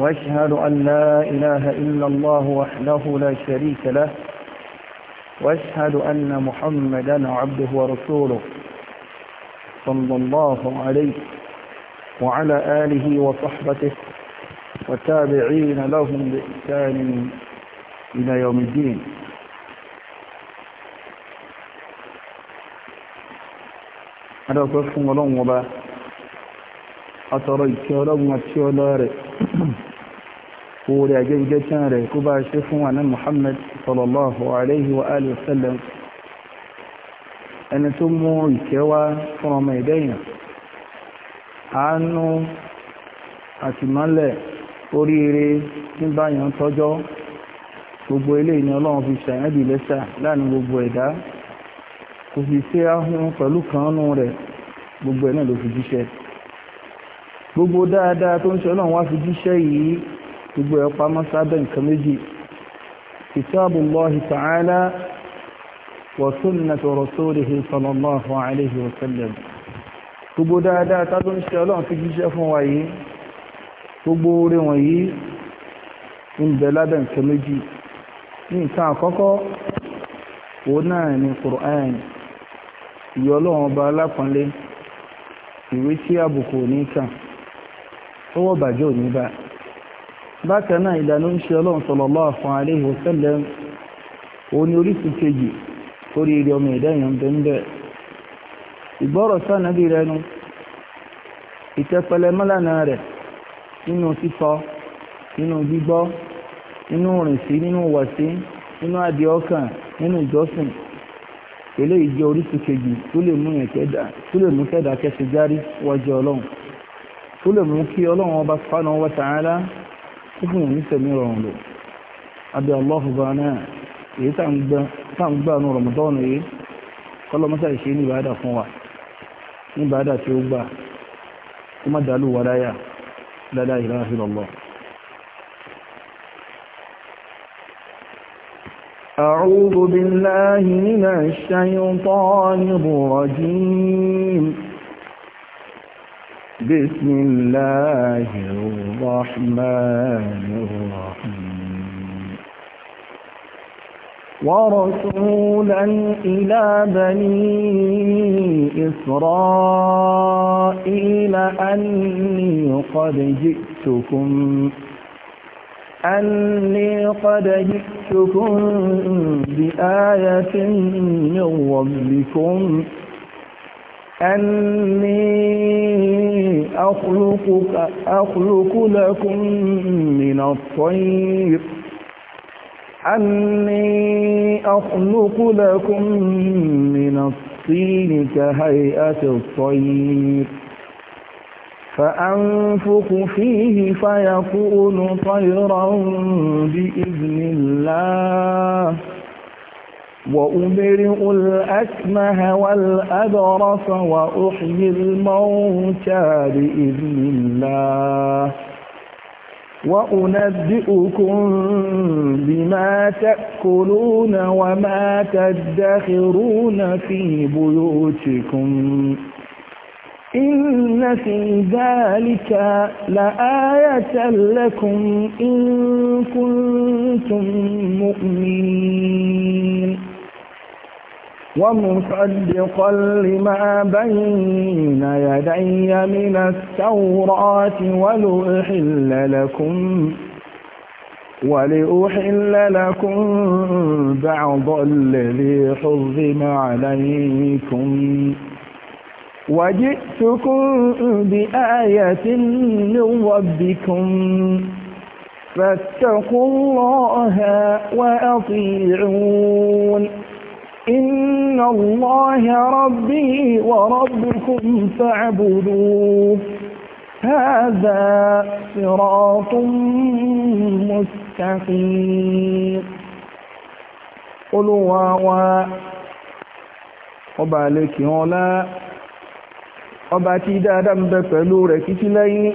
وأشهد أن لا إله إلا الله وحده لا شريك له وأشهد أن محمدا عبده ورسوله صلى الله عليه وعلى آله وصحبته وتابعين لهم بإحسان إلى يوم الدين هذا أكبر الله وبا أتريك ولو ما orí ajẹ́jẹ́ tán rẹ̀ kó bá ṣe fún wa ní Muhammad sallallahu alaihi wa alihi wasallam ẹni tó mú ìkẹwà fún ọmọ ìdẹ́yìn àánú àtìmọ́lẹ̀ oríire ní báyàn tọ́jọ́ gbogbo ilé ìní ọlọ́run fi ṣàyẹ́bì lẹ́sà láàrin gbogbo ẹ̀dá kò sì ṣe áhùn pẹ̀lú kanánú rẹ̀ gbogbo ẹ̀ náà ló fi jíṣẹ́ gbogbo dáadáa tó ń ṣe ọlọ́run wá fi jíṣẹ́ yìí gbogbo ẹ̀ pamọ́ sábẹ́ nǹkan méjì kitabullahi ta'ala wa sunnatu rasulihi sallallahu alayhi wa sallam gbogbo dáadáa tábí ń ṣe ọlọ́run fi jíṣẹ́ fún wa yìí gbogbo orí wọ̀nyí ń bẹ lábẹ́ nǹkan méjì ní nǹkan àkọ́kọ́ òun náà ni Qur'an ìyọ́ ọlọ́run ọba ìwé tí àbùkù ní kàn ó wọ́ ní báyìí bákan náà ìlànà oúnjẹ ọlọ́run sallallahu alaihi wasallam òun ni orísun kejì orí ilé ọmọ ìdáyàn bẹ́ẹ̀ ìgbọ́rọ̀ sánàbí rẹnu ìtẹ́pẹlẹ mọ́lànà rẹ̀ nínú sísọ nínú gbígbọ́ nínú rìn sí nínú wàsí nínú adìẹ ọkàn nínú ìjọsìn eléyìí jẹ́ orísun kejì tó lè mú kẹ́dà kẹsì járí wájú ọlọ́run ọba ta'ala ó fún òní tẹ̀mí rọrùn abu abẹ́ ọlọ́fùbá náà èyí tá ń gbà nù rọmọdọ́nù yìí kọlọmọsá ìṣe ní ìbáadà fún wa ní ìbáadà tí ó gbà kó má dàlú wa láyà dáadáa ìlànà fi أعوذ بسم الله الرحمن الرحيم ورسولا إلى بني إسرائيل أني قد جئتكم أني قد جئتكم بآية من ربكم أني أخلقك أخلق لكم من الطير أني أخلق لكم من الطين كهيئة الطير فأنفق فيه فيكون طيرا بإذن الله وأبرئ الأكمه والأبرص وأحيي الموتى بإذن الله وأنبئكم بما تأكلون وما تدخرون في بيوتكم إن في ذلك لآية لكم إن كنتم مؤمنين ومصدقا لما بين يدي من التوراة ولأحل لكم ولأحل لكم بعض الذي حرم عليكم وجئتكم بآية من ربكم فاتقوا الله وأطيعون إن الله ربي وربكم فاعبدوه هذا صراط مستقيم olúwa wa ọba àlekì ọlá ọba tí dáadáa ń bẹ pẹ̀lú rẹ̀ títí lẹ́yìn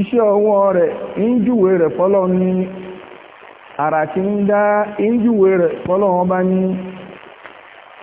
iṣẹ́ ọwọ́ rẹ̀ ń júwe rẹ̀ fọ́lọ́ ní ara tí ń dá ń júwe rẹ̀ ọba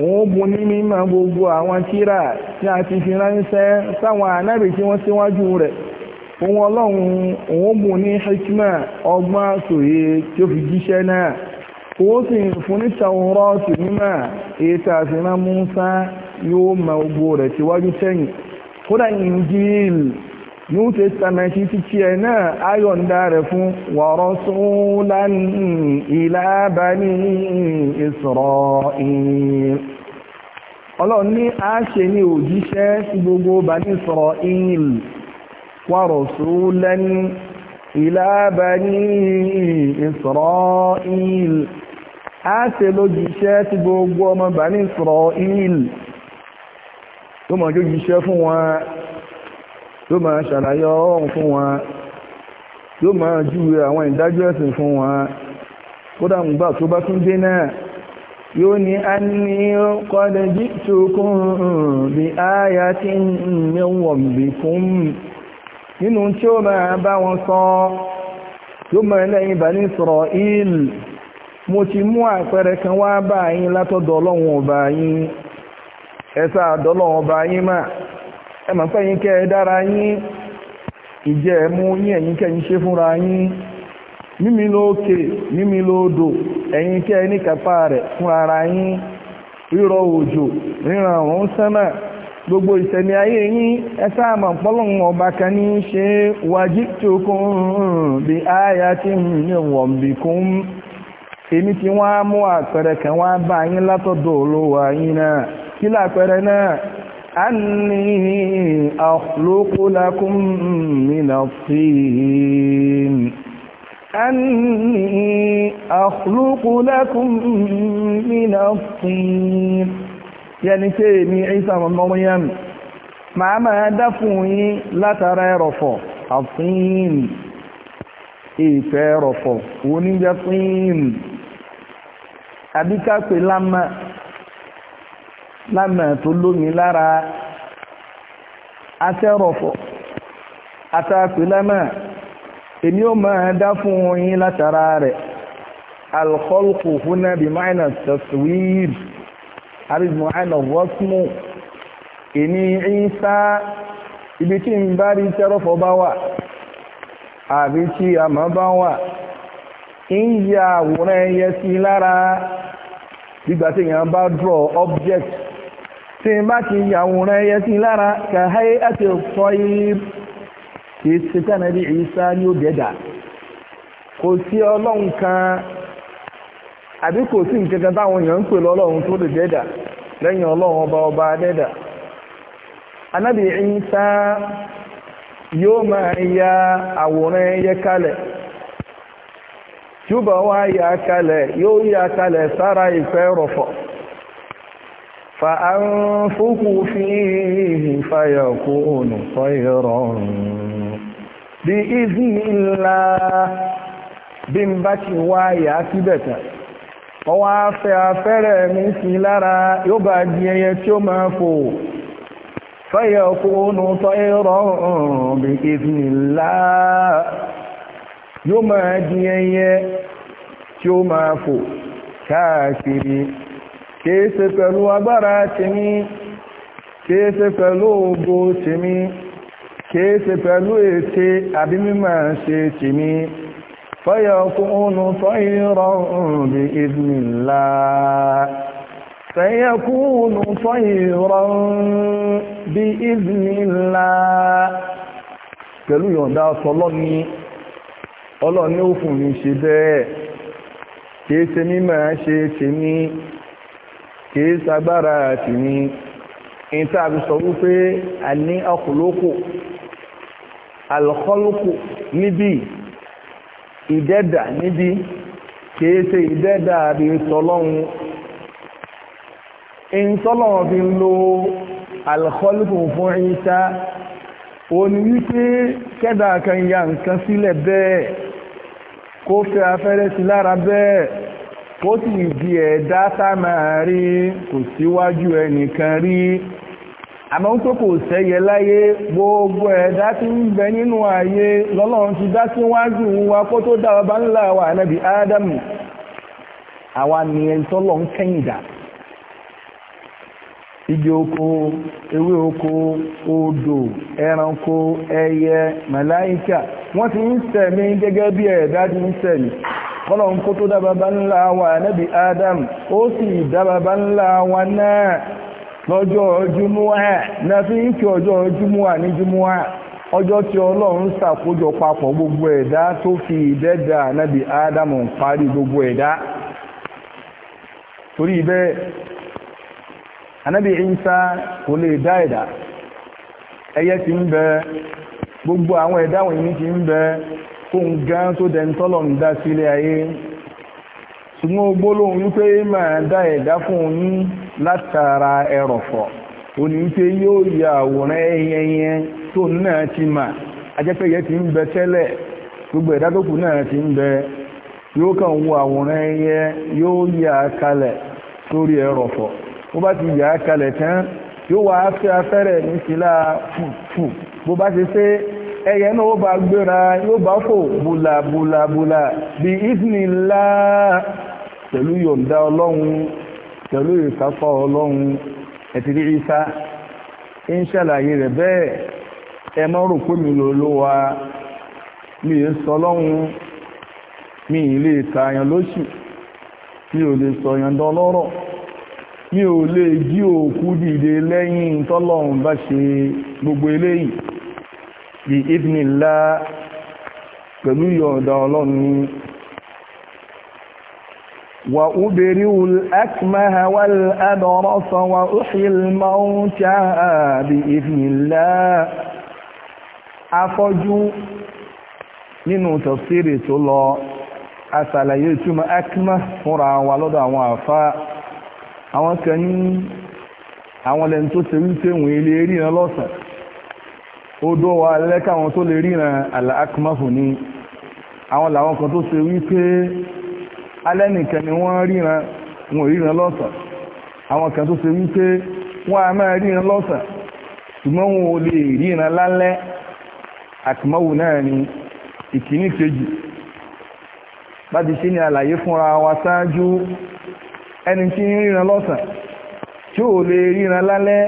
wọ́n bu ní mímọ̀ gbogbo àwọn tírà tí a ti fi ránṣẹ́ sáwọn tí wọ́n síwájú rẹ̀ òun ọlọ́run bu ní hikma ọgbọ́n sòye tí ó fi jíṣẹ́ náà wọ́n sì fún ní Tawrati mímọ̀ èyí tí a fi rán Mùsá yóò mọ gbogbo rẹ̀ síwájú new testament títí ẹ̀ náà ayọ̀ǹda rẹ̀ fún wa rasulan ila bani Isra'il ọlọ́run ní a ṣe ní òjíṣẹ́ sí gbogbo bani Isra'il wa rasulan ila bani Isra'il a ṣe lójíṣẹ́ sí gbogbo ọmọ bani Isra'il tó mọ̀ yóò máa ṣàlàyé ọ̀rọ̀ fún wọn yóò máa júwe àwọn ìdájọ́ ẹ̀sìn fún wọn kódà nígbà tó bá tún dé náà yóò ní a ní kọ́dẹ̀ jí tó kún bí áyá tí ní wọ̀nbí fún nínú tí ó máa bá wọn sọ yóò máa lẹ́yìn bá ní sọ̀rọ̀ ìl mo ti mú àpẹẹrẹ kan wá bá yín látọ̀dọ̀ ọlọ́run ọba yín ẹ̀sà àdọ́lọ́run ọba yín máa ẹ mọ̀ pé yín kẹ́ emu dára yín ìjẹ́ ẹ̀mú yín ẹ̀yin kẹ́ yín ṣe fúnra yín mímí lókè mímí lódò ẹ̀yin kẹ́ ẹ rẹ̀ fúnra yín òjò ríran sánà gbogbo ìṣẹ̀lẹ̀ ayé yín ẹ sáà mọ̀ pọ́lọ́hún ọba kan ní í ṣe wajitukum bí ayatin min rabbikum èmi tí wọ́n á mú àpẹẹrẹ kan bá yín látọ̀dọ̀ olówó أني أخلق لكم من الطين أني أخلق لكم من الطين yẹni tí èmi Ìsá ọmọ Maryam màá máa dá fún yín látara ẹrọ̀fọ̀ àfihìn ìfẹ́ ẹrọ̀fọ̀ oníjẹ́ fíìn àbíkápẹ́ lámà lánà tó lómi lára atẹ́rọ̀fọ̀ atápìlámà èmi ó máa dá fún yín látara rẹ̀ alkọ́lùkù húnná bí máìnà taswir arìsmọ̀ àìnà wọ́smù èmi ìsá ibi tí ń bá rí tẹ́rọ̀fọ̀ bá wà àbí tí a máa bá wà ń yà àwòrán ẹyẹ sí lára gbígbà tí èèyàn bá draw object tí bá ti yàwòrán ẹyẹ sí lára kàáyé àti ọ̀pọ̀ yìí kìí ṣe tánà bí ìsá ní ó dẹ́dà kò sí ọlọ́run kan àbí kò sí nǹkan kan táwọn èèyàn ń pè lọ́lọ́run tó lè ọba ọba dẹ́dà anábì ìsá yóò máa ya àwòrán ẹyẹ kalẹ̀ tí ó bá wá ya kalẹ̀ yóò ya kalẹ̀ sára ìfẹ́ rọ̀fọ̀ فأنفقوا فيه فيكون خيرا بإذن الله bí n bá ti wá ìyá síbẹ̀ tán ọwọ́ afẹ́ afẹ́rẹ́ mi sí lára yóò bá di ẹyẹ tí ó máa fò fẹ́yẹ̀ kóónù tọ́ ẹ̀rọ bí ìfìnlá yóò máa di ẹyẹ tí ó máa fò káàkiri kìí ṣe pẹ̀lú agbára tèmi kìí ṣe pẹ̀lú ògo tèmi kìí ṣe pẹ̀lú ète àbí mímọ̀ ṣe tèmi فيكون طيرا بإذن الله فيكون طيرا بإذن pẹ̀lú yọ̀ǹda ọ̀sọ̀lọ́ni ọlọ́ni ó fún mi ṣe bẹ́ẹ̀ kìí mímọ̀ ṣe tèmi kìí sagbára tì ní ìta àbí sọ wípé a ní ọkùnlókù alkọlùkù níbi ìdẹ́dà níbi kìí ṣe ìdẹ́dà àbí tọlọ́run ìntọ́lọ́run fi ń lo alkọlùkù fún ìta òní wípé kẹ́dà kan ya nǹkan sílẹ̀ bẹ́ẹ̀ kó fẹ́ afẹ́rẹ́ sí lára bẹ́ẹ̀ kó sì di ẹ̀dá samari rí kò síwájú ẹnìkan rí àmọ́ tó kò sẹ́yẹ gbogbo ẹ̀dá tí ń bẹ nínú ayé lọ́lọ́run ti dá síwájú wa kó tó ọba ńlá wa ànábì ádámù àwa ni ẹni tọ́lọ̀ igi oko ewé oko odò ẹranko ẹyẹ màláìkà wọ́n ti ń sẹ̀mí gẹ́gẹ́ bí ẹ̀dá ti ń kọ́lọ̀n kó tó dábàbá ńlá wa nábi adam ó sì dábàbá ńlá wa náà lọ́jọ́ na fi ń kí ọjọ́ jùmúà ní jùmúà ọjọ́ tí ọlọ́run gbogbo ẹ̀dá tó fi ìdẹ́dà adam ń gbogbo ẹ̀dá torí bẹ́ẹ̀ anábì kò lè dá ẹ̀dá ẹyẹ gbogbo àwọn ẹ̀dá wọ̀nyí ń fún gan tó dẹni ń dá sílé ayé ṣùgbọ́n gbólóhùn wípé máa dá ẹ̀dá fún yín látara ẹrọ̀fọ̀ òní wípé yóò àwòrán ẹyẹyẹ tó náà ti mà ajẹ́pẹ̀yẹ ti ń bẹ tẹ́lẹ̀ gbogbo ẹ̀dá náà ti ń bẹ yóò kàn wo àwòrán ẹyẹ yóò kalẹ̀ sórí bó bá ti kalẹ̀ tán yóò wá ní sílá fùfù bó bá ti ẹyẹ náà ó bá gbéra yóò bá fò búlàbúlàbúlà bí ìsìnlá pẹ̀lú yọ̀ǹda ọlọ́run pẹ̀lú ìsápá ọlọ́run ẹ̀tìrí ìsá ń ṣàlàyé rẹ̀ bẹ́ẹ̀ ẹ mọ́ rò pé mi lò mi ì sọ ọlọ́run mi ì lè tààyàn lóṣù mi ò lè sọ̀yàn dán lọ́rọ̀ mi ò lè jí òkú dìde lẹ́yìn tọ́lọ́run bá ṣe gbogbo eléyìí bí ìdínlá pẹ̀lú yọ̀ọ̀dá ọlọ́run ní wà úbèrí ul'akmaha wal adọ́rọ́sọ wà úhìl mọ́únta bí ìdínlá afọ́jú nínú tafsiri tó lọ asàlàyé túnmọ̀ akmah fúnra wa lọ́dọ̀ àwọn àfá àwọn kan àwọn lẹ́ni tó wípé wọ́n ilé rí náà odó wa lẹ́kàwọn tó lè ríran àlàákùmáfù ni àwọn làwọn kan tó ṣe wípé alẹ́nìkan ni wọ́n ríran wọn ríran lọ́sàn àwọn kan tó ṣe wípé wọ́n a máa ríran lọ́sàn ṣùgbọ́n wọn ò lè ríran lálẹ́ àkùmáwù náà ni ìkíní kejì bá ṣe ní àlàyé fúnra wa ṣáájú ẹni tí ń ríran lọ́sàn tí ò lè ríran lálẹ́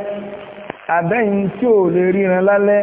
àbẹ́yìn tí ò lè ríran lálẹ́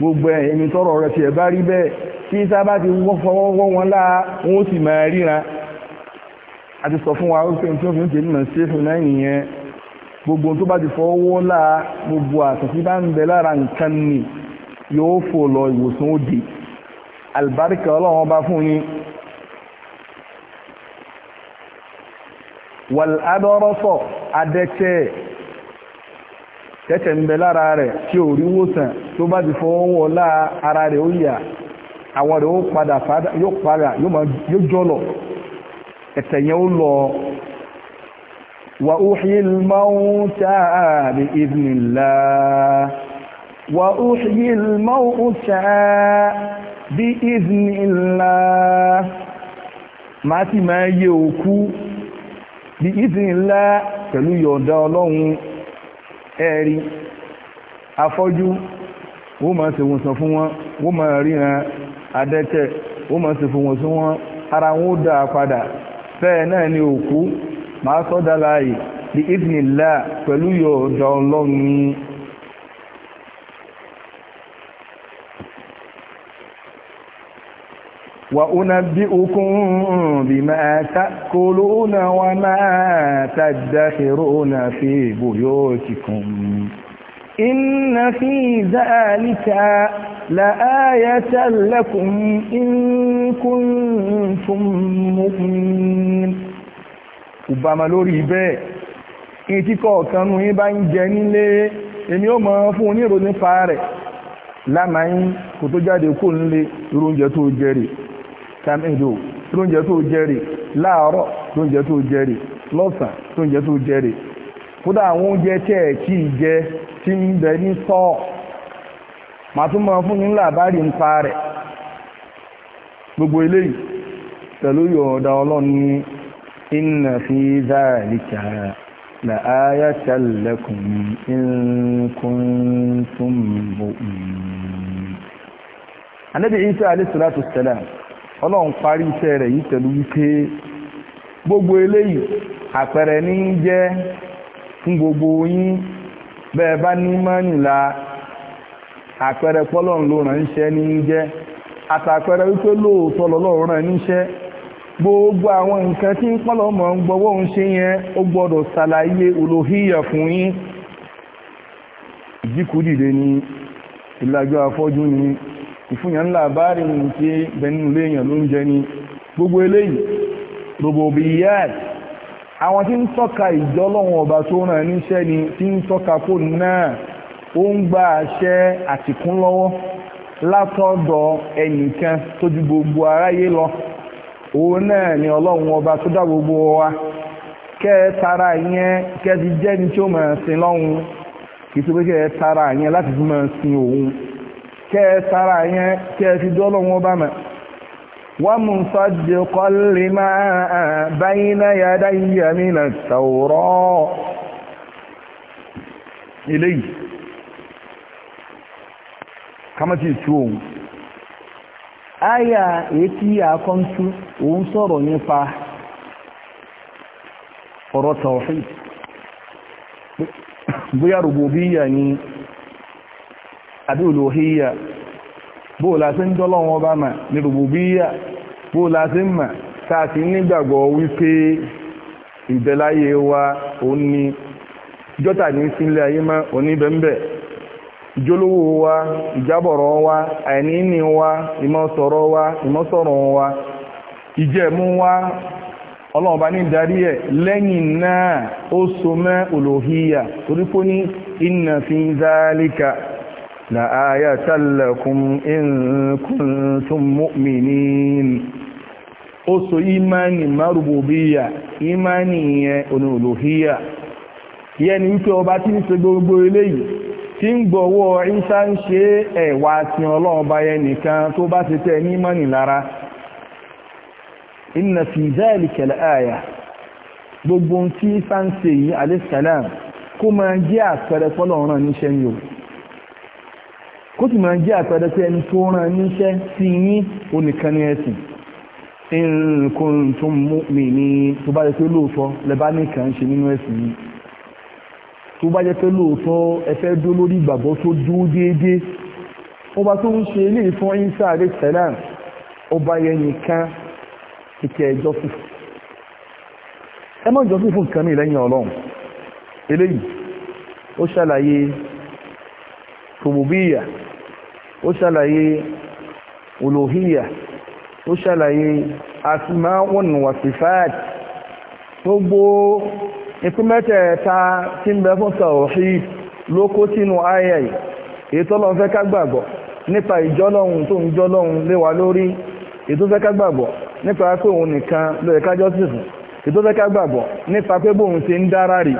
gbogbo ẹni tọ́rọ̀ rẹ̀ tiẹ̀ bá rí bẹ́ẹ̀ tí sábà ti fọwọ́wọ́ wọn láà wọn ó sì máa ríran a ti sọ fún wa ó pé tí fi ń tèmi náà ṣe náà nìyẹn gbogbo tó bá ti fọwọ́wọ́ láà gbogbo àtàtí bá ń bẹ lára nǹkan ni yóò fò lọ ìwòsàn òde àlùbáríkà ọlọ́run ọba fún yín wàládọ́rọ́sọ̀ adẹ́tẹ̀ tẹ́tẹ̀ ń bẹ lára rẹ̀ tí ò rí wòsàn tó bá ti fọwọ́ ara rẹ̀ ó yà àwọn rẹ̀ ó padà yóò padà yóò jọlọ̀ ẹ̀tẹ̀ yẹn ó lọ wà ó bí ìdìnlá ẹ̀rí afọ́jú wọ́n máa ṣe wòsàn fún wọn wọ́n máa ríran adẹ́tẹ̀ wọ́n máa ṣe fún wọn sí wọn ara wọn ó dáa padà bẹ́ẹ̀ náà ni òkú máa sọ́dá láàyè bí ìfìnlá pẹ̀lú yóò dán lọ́rùn وأنبئكم بما تأكلون وما تدخرون في بيوتكم إن في ذلك لآية لكم إن كنتم مؤمنين Obama lórí bẹ́ẹ̀, in tí kọ̀ọ̀kan nù yín bá ń jẹ nílé, èmi ó mọ̀ fún onírò nípa rẹ̀ lámàáyín kò tó jáde kó ń lé irú oúnjẹ tó jẹ rèé tàmídò lóúnjẹ tó jẹ́rì láàárọ̀ lóúnjẹ tó jẹ́rì lọ́sàn lóúnjẹ tó jẹ́rì kódà àwọn oúnjẹ tẹ́ ẹ̀ kí ì jẹ tí ń bẹ ní sọ́ọ̀ màá tún máa fún yín làbárì ń pa rẹ̀ gbogbo eléyìí pẹ̀lú yọ̀ọ̀dà ọlọ́run ní inna fi dhalika لآية لكم إن كنتم مؤمنين النبي عيسى عليه الصلاة والسلام ọlọ́run parí iṣẹ́ rẹ̀ yìí pẹ̀lú wípé gbogbo eléyìí àpẹẹrẹ ní jẹ́ fún gbogbo yín bẹ́ẹ̀ bá ní mọ́nìlá àpẹẹrẹ pọ́lọ́run ló ránṣẹ́ ní jẹ́ àtàpẹẹrẹ wípé lóòótọ́ lọ́lọ́run rán níṣẹ́ gbogbo àwọn nǹkan tí pọ́lọ́mọ̀ ń gbọ́wọ́ ń ṣe yẹn ó gbọ́dọ̀ ṣàlàyé olóhíyà fún yín ìjíkú dìde ni ìlàjọ afọ́jú ni ìfúnyàn ńlá báàrí tí bẹ̀nú léèyàn ló ń jẹ ní gbogbo eléyìí rububiyyat àwọn tí ń tọ́ka ìjọlọ́wọ̀n ọba tó ràn níṣẹ́ ni tí ń tọ́ka kó náà ó ń gba àṣẹ àtìkún lọ́wọ́ látọ̀dọ̀ ẹnìkan tó ju gbogbo aráyé lọ òun náà ni ọlọ́run ọba tó dá gbogbo wa kẹ́ tara yẹn kẹ́ ti jẹ́ ní tí ó máa sin lọ́hun kìí tó pé kẹ́ tara yẹn láti fi máa sin òun kẹ́ ẹ sára yẹn kẹ́ ẹ fi dọ́lọ́ wọn bá mọ̀ wọ́n mú sọ́dí kọ́lì máa báyìí náà yá dá yíyá mi nà tàwùrọ́ eléyìí kámátì tú òun àyà ètí àkọ́ntú òun sọ̀rọ̀ nípa ọ̀rọ̀ tàwùfẹ́ bóyá rògbòbíyà ni. àbí olóhíyà bóòlá sí ń bá mà ní rùbùbíyà bóòlá sí mà nígbàgbọ́ wípé ìbẹ̀láyé wa òní. ni ní sílẹ̀ ayé má ìjólówó wa ìjábọ̀rọ̀ wa àìníní wa wa wa ìjẹ̀mú wa ní darí ẹ̀ lẹ́yìn náà ó so mẹ́ olóhíyà لآية لكم إن كنتم مؤمنين oṣù imani marububiya imani yẹn yẹni wípé ọba tí ń ṣe gbogbo eléyìí tí ń ìṣá ń ṣe ẹ̀wà tí ọlọ́run bá nìkan tó bá ti tẹ́ ní lára fi gbogbo tí ìṣá ń yìí kó máa jẹ́ àpẹẹrẹ níṣẹ́ o kó sì máa jẹ́ àpẹẹrẹ sí ẹni tó rán níṣẹ́ sí yín onìkan ní ẹ̀sìn in kuntum mu'minin tó bá jẹ́ pé lóòótọ́ lẹ́bá nìkan ṣe nínú ẹ̀sìn yìí tó bá jẹ́ pé lóòótọ́ ẹ fẹ́ dó lórí ìgbàgbọ́ tó dúró déédéé ọba tó ń ṣe ilé fún Isa alayhi salam ọba yẹn nìkan kìkẹ́ ẹjọ́ fún ẹ má jọ fífún nǹkan mi lẹ́yìn Ọlọ́run eléyìí ó ṣàlàyé tòmùbíyà ó ṣàlàyé olóhíyà ó ṣàlàyé asmáhùn wàsífáàt gbogbo ìpín mẹ́tẹ̀ẹ̀ta tí ń bẹ fún sàwọ̀hí ló kó sínú ayé èyí tó lọ́n fẹ́ ká gbàgbọ́ nípa ìjọ́lọ́hun tó ń jọ́lọ́hun lé lórí èyí fẹ́ ká nípa pé òun nìkan ló yẹ ká fún èyí fẹ́ ká nípa pé bóun ṣe ń dára rè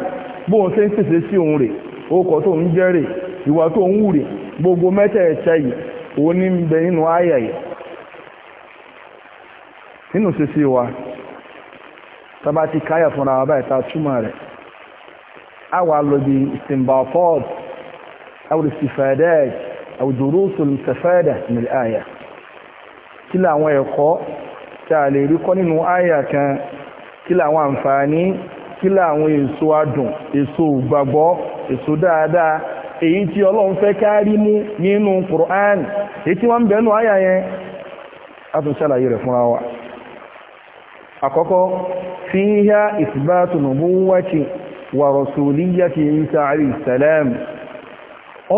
bóun ṣe ń pèsè sí òun rè orúkọ tó ń jẹ́ rè ìwà tó ń wù rè gbogbo mẹ́tẹ̀ẹ̀tẹ̀ yìí òun ní ń bẹ nínú àyà yìí nínú sísí wa tábà ti káyà fúnra wa báyìí ta túmọ̀ rẹ̀ a wà lọ bí istinbafat àwọn istifadat àwọn durusul mustafada min àyà kí làwọn ẹ̀kọ́ tí a lè rí kọ́ nínú àyà kan kí làwọn àǹfààní kí làwọn èso adùn èso ìgbàgbọ́ èso dáadáa èyí tí ọlọ́run fẹ́ kárí mú nínú Qur'an èyí tí wọ́n ń bẹ̀ẹ́nu àyà yẹn a rẹ̀ fúnra wa àkọ́kọ́ fiha isbatu nubuwati wa rasuliyyati Isa alayhi Isa ni ó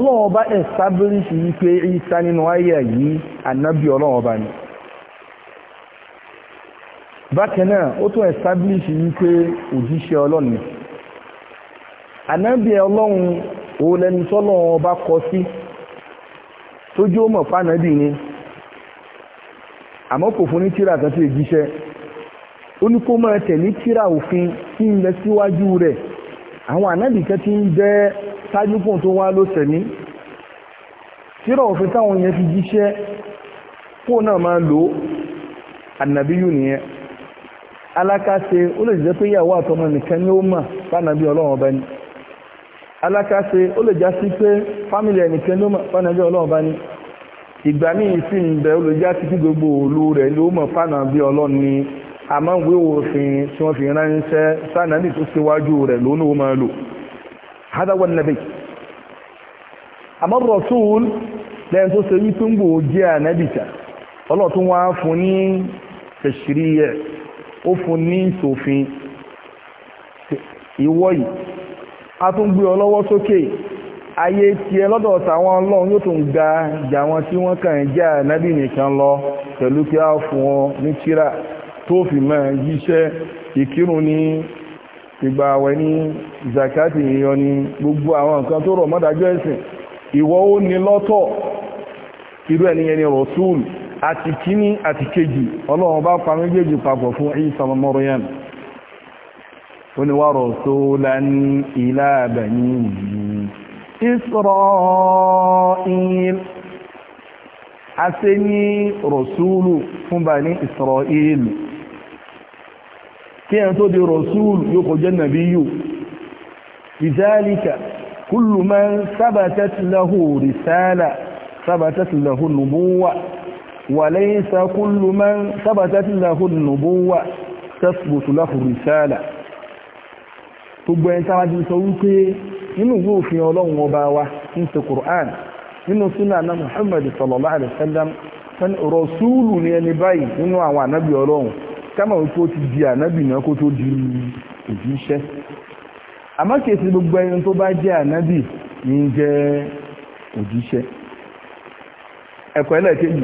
tún pé òjíṣẹ́ ni òun lẹni sọ́nà ọba kọ sí tójú ó mọ̀ fánàbì ni àmọ́ kò fún ní tíra kan tí ì jíṣẹ́ ó ní kó máa tẹ̀ ní tíra òfin tí ń lẹ síwájú rẹ̀ àwọn ànábì kan ti ń jẹ́ ṣáájú kóun tó wá ló tẹ̀mí tíra òfin táwọn yẹn fi jíṣẹ́ kó náà máa lò ó ànàbí yù nìyẹn alákàṣe ó lè jẹ́ pé ìyàwó àtọmọ nìkan ni ó mà fánàbì ọlọ́run ọba ni. alaka ó lè le jasi pé familia ẹnìkan ló mọ̀ fánàjọ́ ọlọ́run bá ní ìgbà míì sì ń bẹ ó lè gbogbo òlu rẹ̀ ló mọ̀ fánà ni àmọ́ ìwé òfin tí wọ́n fi ránṣẹ́ sánàbì tó síwájú rẹ̀ lónú ó máa lò hadawa nabi àmọ́ rọ̀tún lẹ́yìn tó ṣe wípé ń jẹ́ ànábìtà wá fún ní a tún gbé ọ lọ́wọ́ sókè ayé tiẹ̀ lọ́dọ̀ tàwọn ọlọ́run yóò tún ga ìjà wọn tí wọ́n kàn ń jà nìkan lọ pẹ̀lú kí a fún ọ ní tíra tó fi mọ́ yíṣẹ́ ìkírun ní ìgbà àwẹ̀ ní zakati ìyọ ní gbogbo àwọn nǹkan tó rọ̀ mọ́dájọ́ ẹ̀sìn ìwọ ó ní lọ́tọ̀ irú ẹniyẹn ni rọ̀súùl àti kíní àti kejì ọlọ́run bá pa méjèèjì papọ̀ fún Ìsá ọmọ ورسولا إلى بني إسرائيل أسني رسول فن بني إسرائيل كان تودي رسول يقول النبي لذلك كل من ثبتت له رسالة ثبتت له النبوة وليس كل من ثبتت له النبوة تثبت له رسالة gbogbo ẹni táwa ti sọ wípé nínú ìwé òfin ọlọ́run ọba wa ń ṣe Qur'an nínú súnà náà Muhammad sallallahu alayhi wa sallam sani rọ̀súùlù ni ẹni báyìí nínú àwọn ànábì ọlọ́run kámọ̀ wípé ó ti di ànábì náà kó tó di òjíṣẹ́ àmọ́ kèsì gbogbo ẹni tó bá jẹ́ ànábì ní jẹ́ òjíṣẹ́ ẹ̀kọ́ ẹlẹ́kejì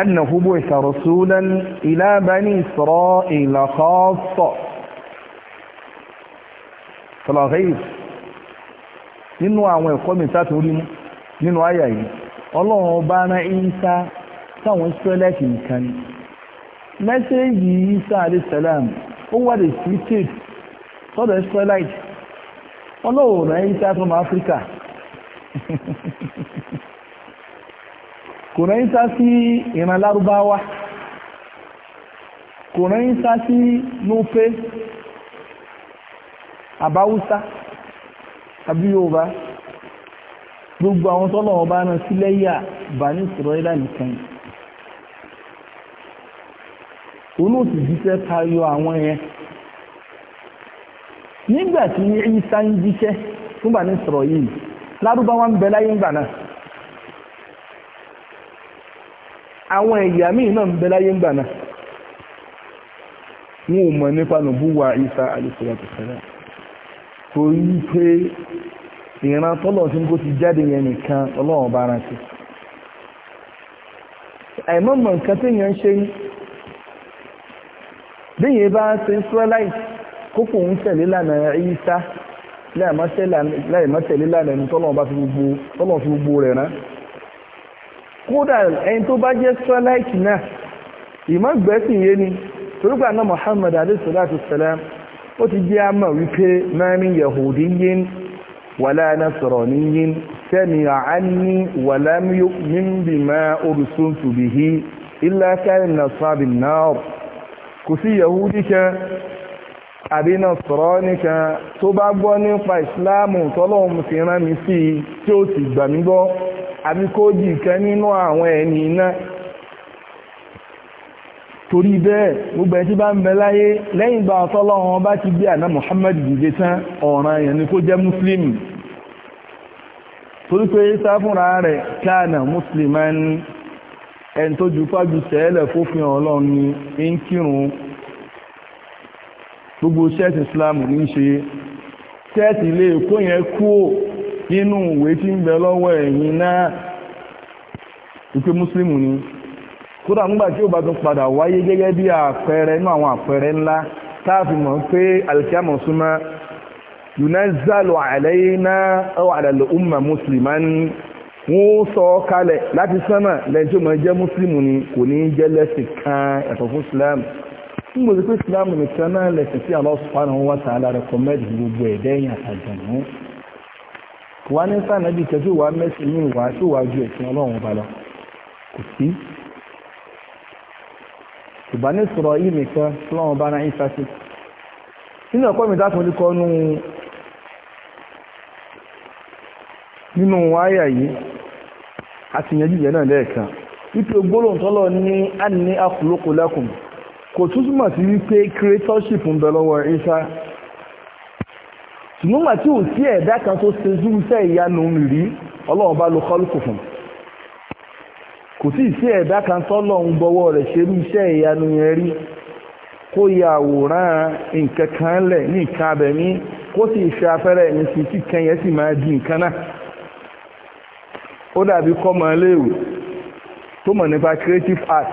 ẹnna húbọ̀ ìsàrọ̀súlẹ̀ ila bani Isra'ila khassa fọlọ́rẹ́yìn nínú àwọn ẹ̀kọ́ mi sáà tó mú nínú àyà yìí ọlọ́run ọba rán ìsá sáwọn israelite nìkan ni mẹ́sẹ̀ẹ́jì ìsá alayhisalam ó wà sí sọ́dọ̀ ọlọ́run ìsá from Africa kò rán ìsá sí ìran kò rán nupe àbáwúsá àbí yorùbá gbogbo àwọn tọ́lọ̀ ọba náà sílẹ̀ yà bà ní ìsìrọ̀lá nìkan olóòtú jíṣẹ́ tayọ àwọn yẹn nígbà tí ìsá ń jíṣẹ́ fún bà ní ìsọ̀rọ̀ yìí lárúbáwá ń bẹ láyé ńgbà náà àwọn ẹ̀yà míì náà bẹ láyé ńgbà náà wọn ò mọ̀ nípa nùbúwà ìsá àlùsọ̀rọ̀ àtẹ̀sẹ̀rẹ̀ torí pé ìran tọ́lọ̀ tí kò ti jáde yẹn nìkan ọlọ́run bá ara ṣe àìmọ́mọ̀ nǹkan téèyàn ń ṣe ní bíyẹn bá ń ṣe israelite kókò ń tẹ̀lé lànà na láìmọ́tẹ̀lé lànà ẹni tọ́lọ̀ bá fi gbogbo tọ́lọ̀ fi gbogbo rẹ̀ rán kódà ẹni tó bá jẹ́ israelite náà ìmọ̀gbẹ́sìn yé ni torígbà náà Muhammad alayhi salatu salam ó ti jẹ́ àmà wípé mẹ́rin yahudi yín wàlá nasraniyin sẹ́mi àání wàlá mímbì máa orísun tùbìhí ilá kẹrin na sábì náà kò sí yahudi kan àbí nasrani kan tó bá gbọ́ nípa ìsìláàmù tọ́lọ́hun fi rán mi sí tí ó sì gbà àbí kó jì kan nínú àwọn ẹni náà torí bẹ́ẹ̀ gbogbo ẹ̀ tí bá ń bẹ láyé lẹ́yìn ìgbà ọ̀tọ́lọ́wọ́n bá ti bí àná Muhammad dìde tán ọ̀ràn èèyàn ni kó jẹ́ muslim torí pé sáfúnra rẹ̀ káànà musliman ẹni tó ju pájú sẹ́ẹ̀lẹ̀ fófin ọlọ́run ni ń kírun gbogbo ṣẹ́ẹ̀tì islam ní ṣe ṣẹ́ẹ̀tì lè kó yẹn kúò nínú ìwé tí ń bẹ lọ́wọ́ ẹ̀yìn náà ìpé muslim ni kódà nígbà tí ó bá tún padà wáyé gẹ́gẹ́ bí àpẹẹrẹ inú àwọn àpẹẹrẹ ńlá táàfin mọ̀ pé alkiyama súnmọ́ yunazalu alayna aw ala al-umma musliman wọ́n sọ kalẹ̀ láti sánà lẹ́yìn tí ó máa jẹ́ muslim ni kò ní jẹ́ lẹ́sìn kan ẹ̀tọ́ fún islam nígbà tí pé islam nìkan náà lẹ́sìn tí Allah subhanahu wa wá ní sànà bí ìbánú sọ̀rọ̀ yìí nìkan lọ́wọ́n bá náà ìfà sí nínú ẹ̀kọ́ mi dákùn orí kọ́nú nínú wáyà yìí àti ìyẹn jíjẹ náà lẹ́ẹ̀kan wípé gbólóhùn tọ́lọ̀ ní àní àkùlókò lẹ́kùn kò túnmọ̀ sí wípé creatorship ń bẹ lọ́wọ́ Ìsá ṣùgbọ́n mà tí ò sí ẹ̀dá kan tó ṣe zúwúṣẹ́ ìyanu rí ọlọ́run bá lo kọ́lùkù fún un kò sí ìṣe ẹ̀dá kan tọ́lọ̀ ń gbọ́wọ́ rẹ̀ ṣerú iṣẹ́ ìyanu yẹn rí kó ya àwòrán nǹkan kan lẹ̀ ní nǹkan abẹ̀mí kó sì ṣe afẹ́rẹ́ mi sí kí kan yẹn sì máa di nǹkan náà ó dàbí kọ́mọ iléèwé tó mọ̀ nípa creative art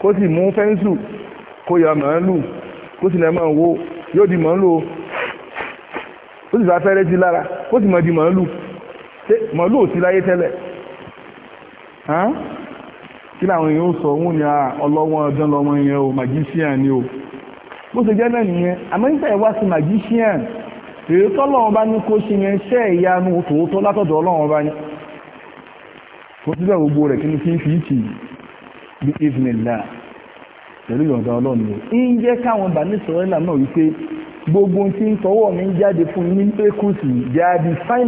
kó sì mú fẹ́ńsù kó ya màálù kó sì lè máa wo yóò di màálù o ó sì fẹ́ afẹ́rẹ́ sí lára kó sì máa di màálù màálù ò sí láyé tẹ́lẹ̀ kí làwọn èèyàn ó sọ òun ni ọlọ́wọ́n ọdún lọ́mọ yẹn o magician ni o bó ṣe jẹ́ náà nìyẹn àmọ́ńtà ìwá sí magician èyí tọ́lọ́wọ́n bá ní kó ṣe yẹn iṣẹ́ ìyanu tòótọ́ látọ̀dọ̀ ọlọ́wọ́n bá ní kó síbẹ̀ gbogbo rẹ̀ kí ni kí n fi ìtì bí ìfìnìlá pẹ̀lú ìyọ̀ǹda ọlọ́run lò ń jẹ́ káwọn bá ní sọ̀rọ̀lá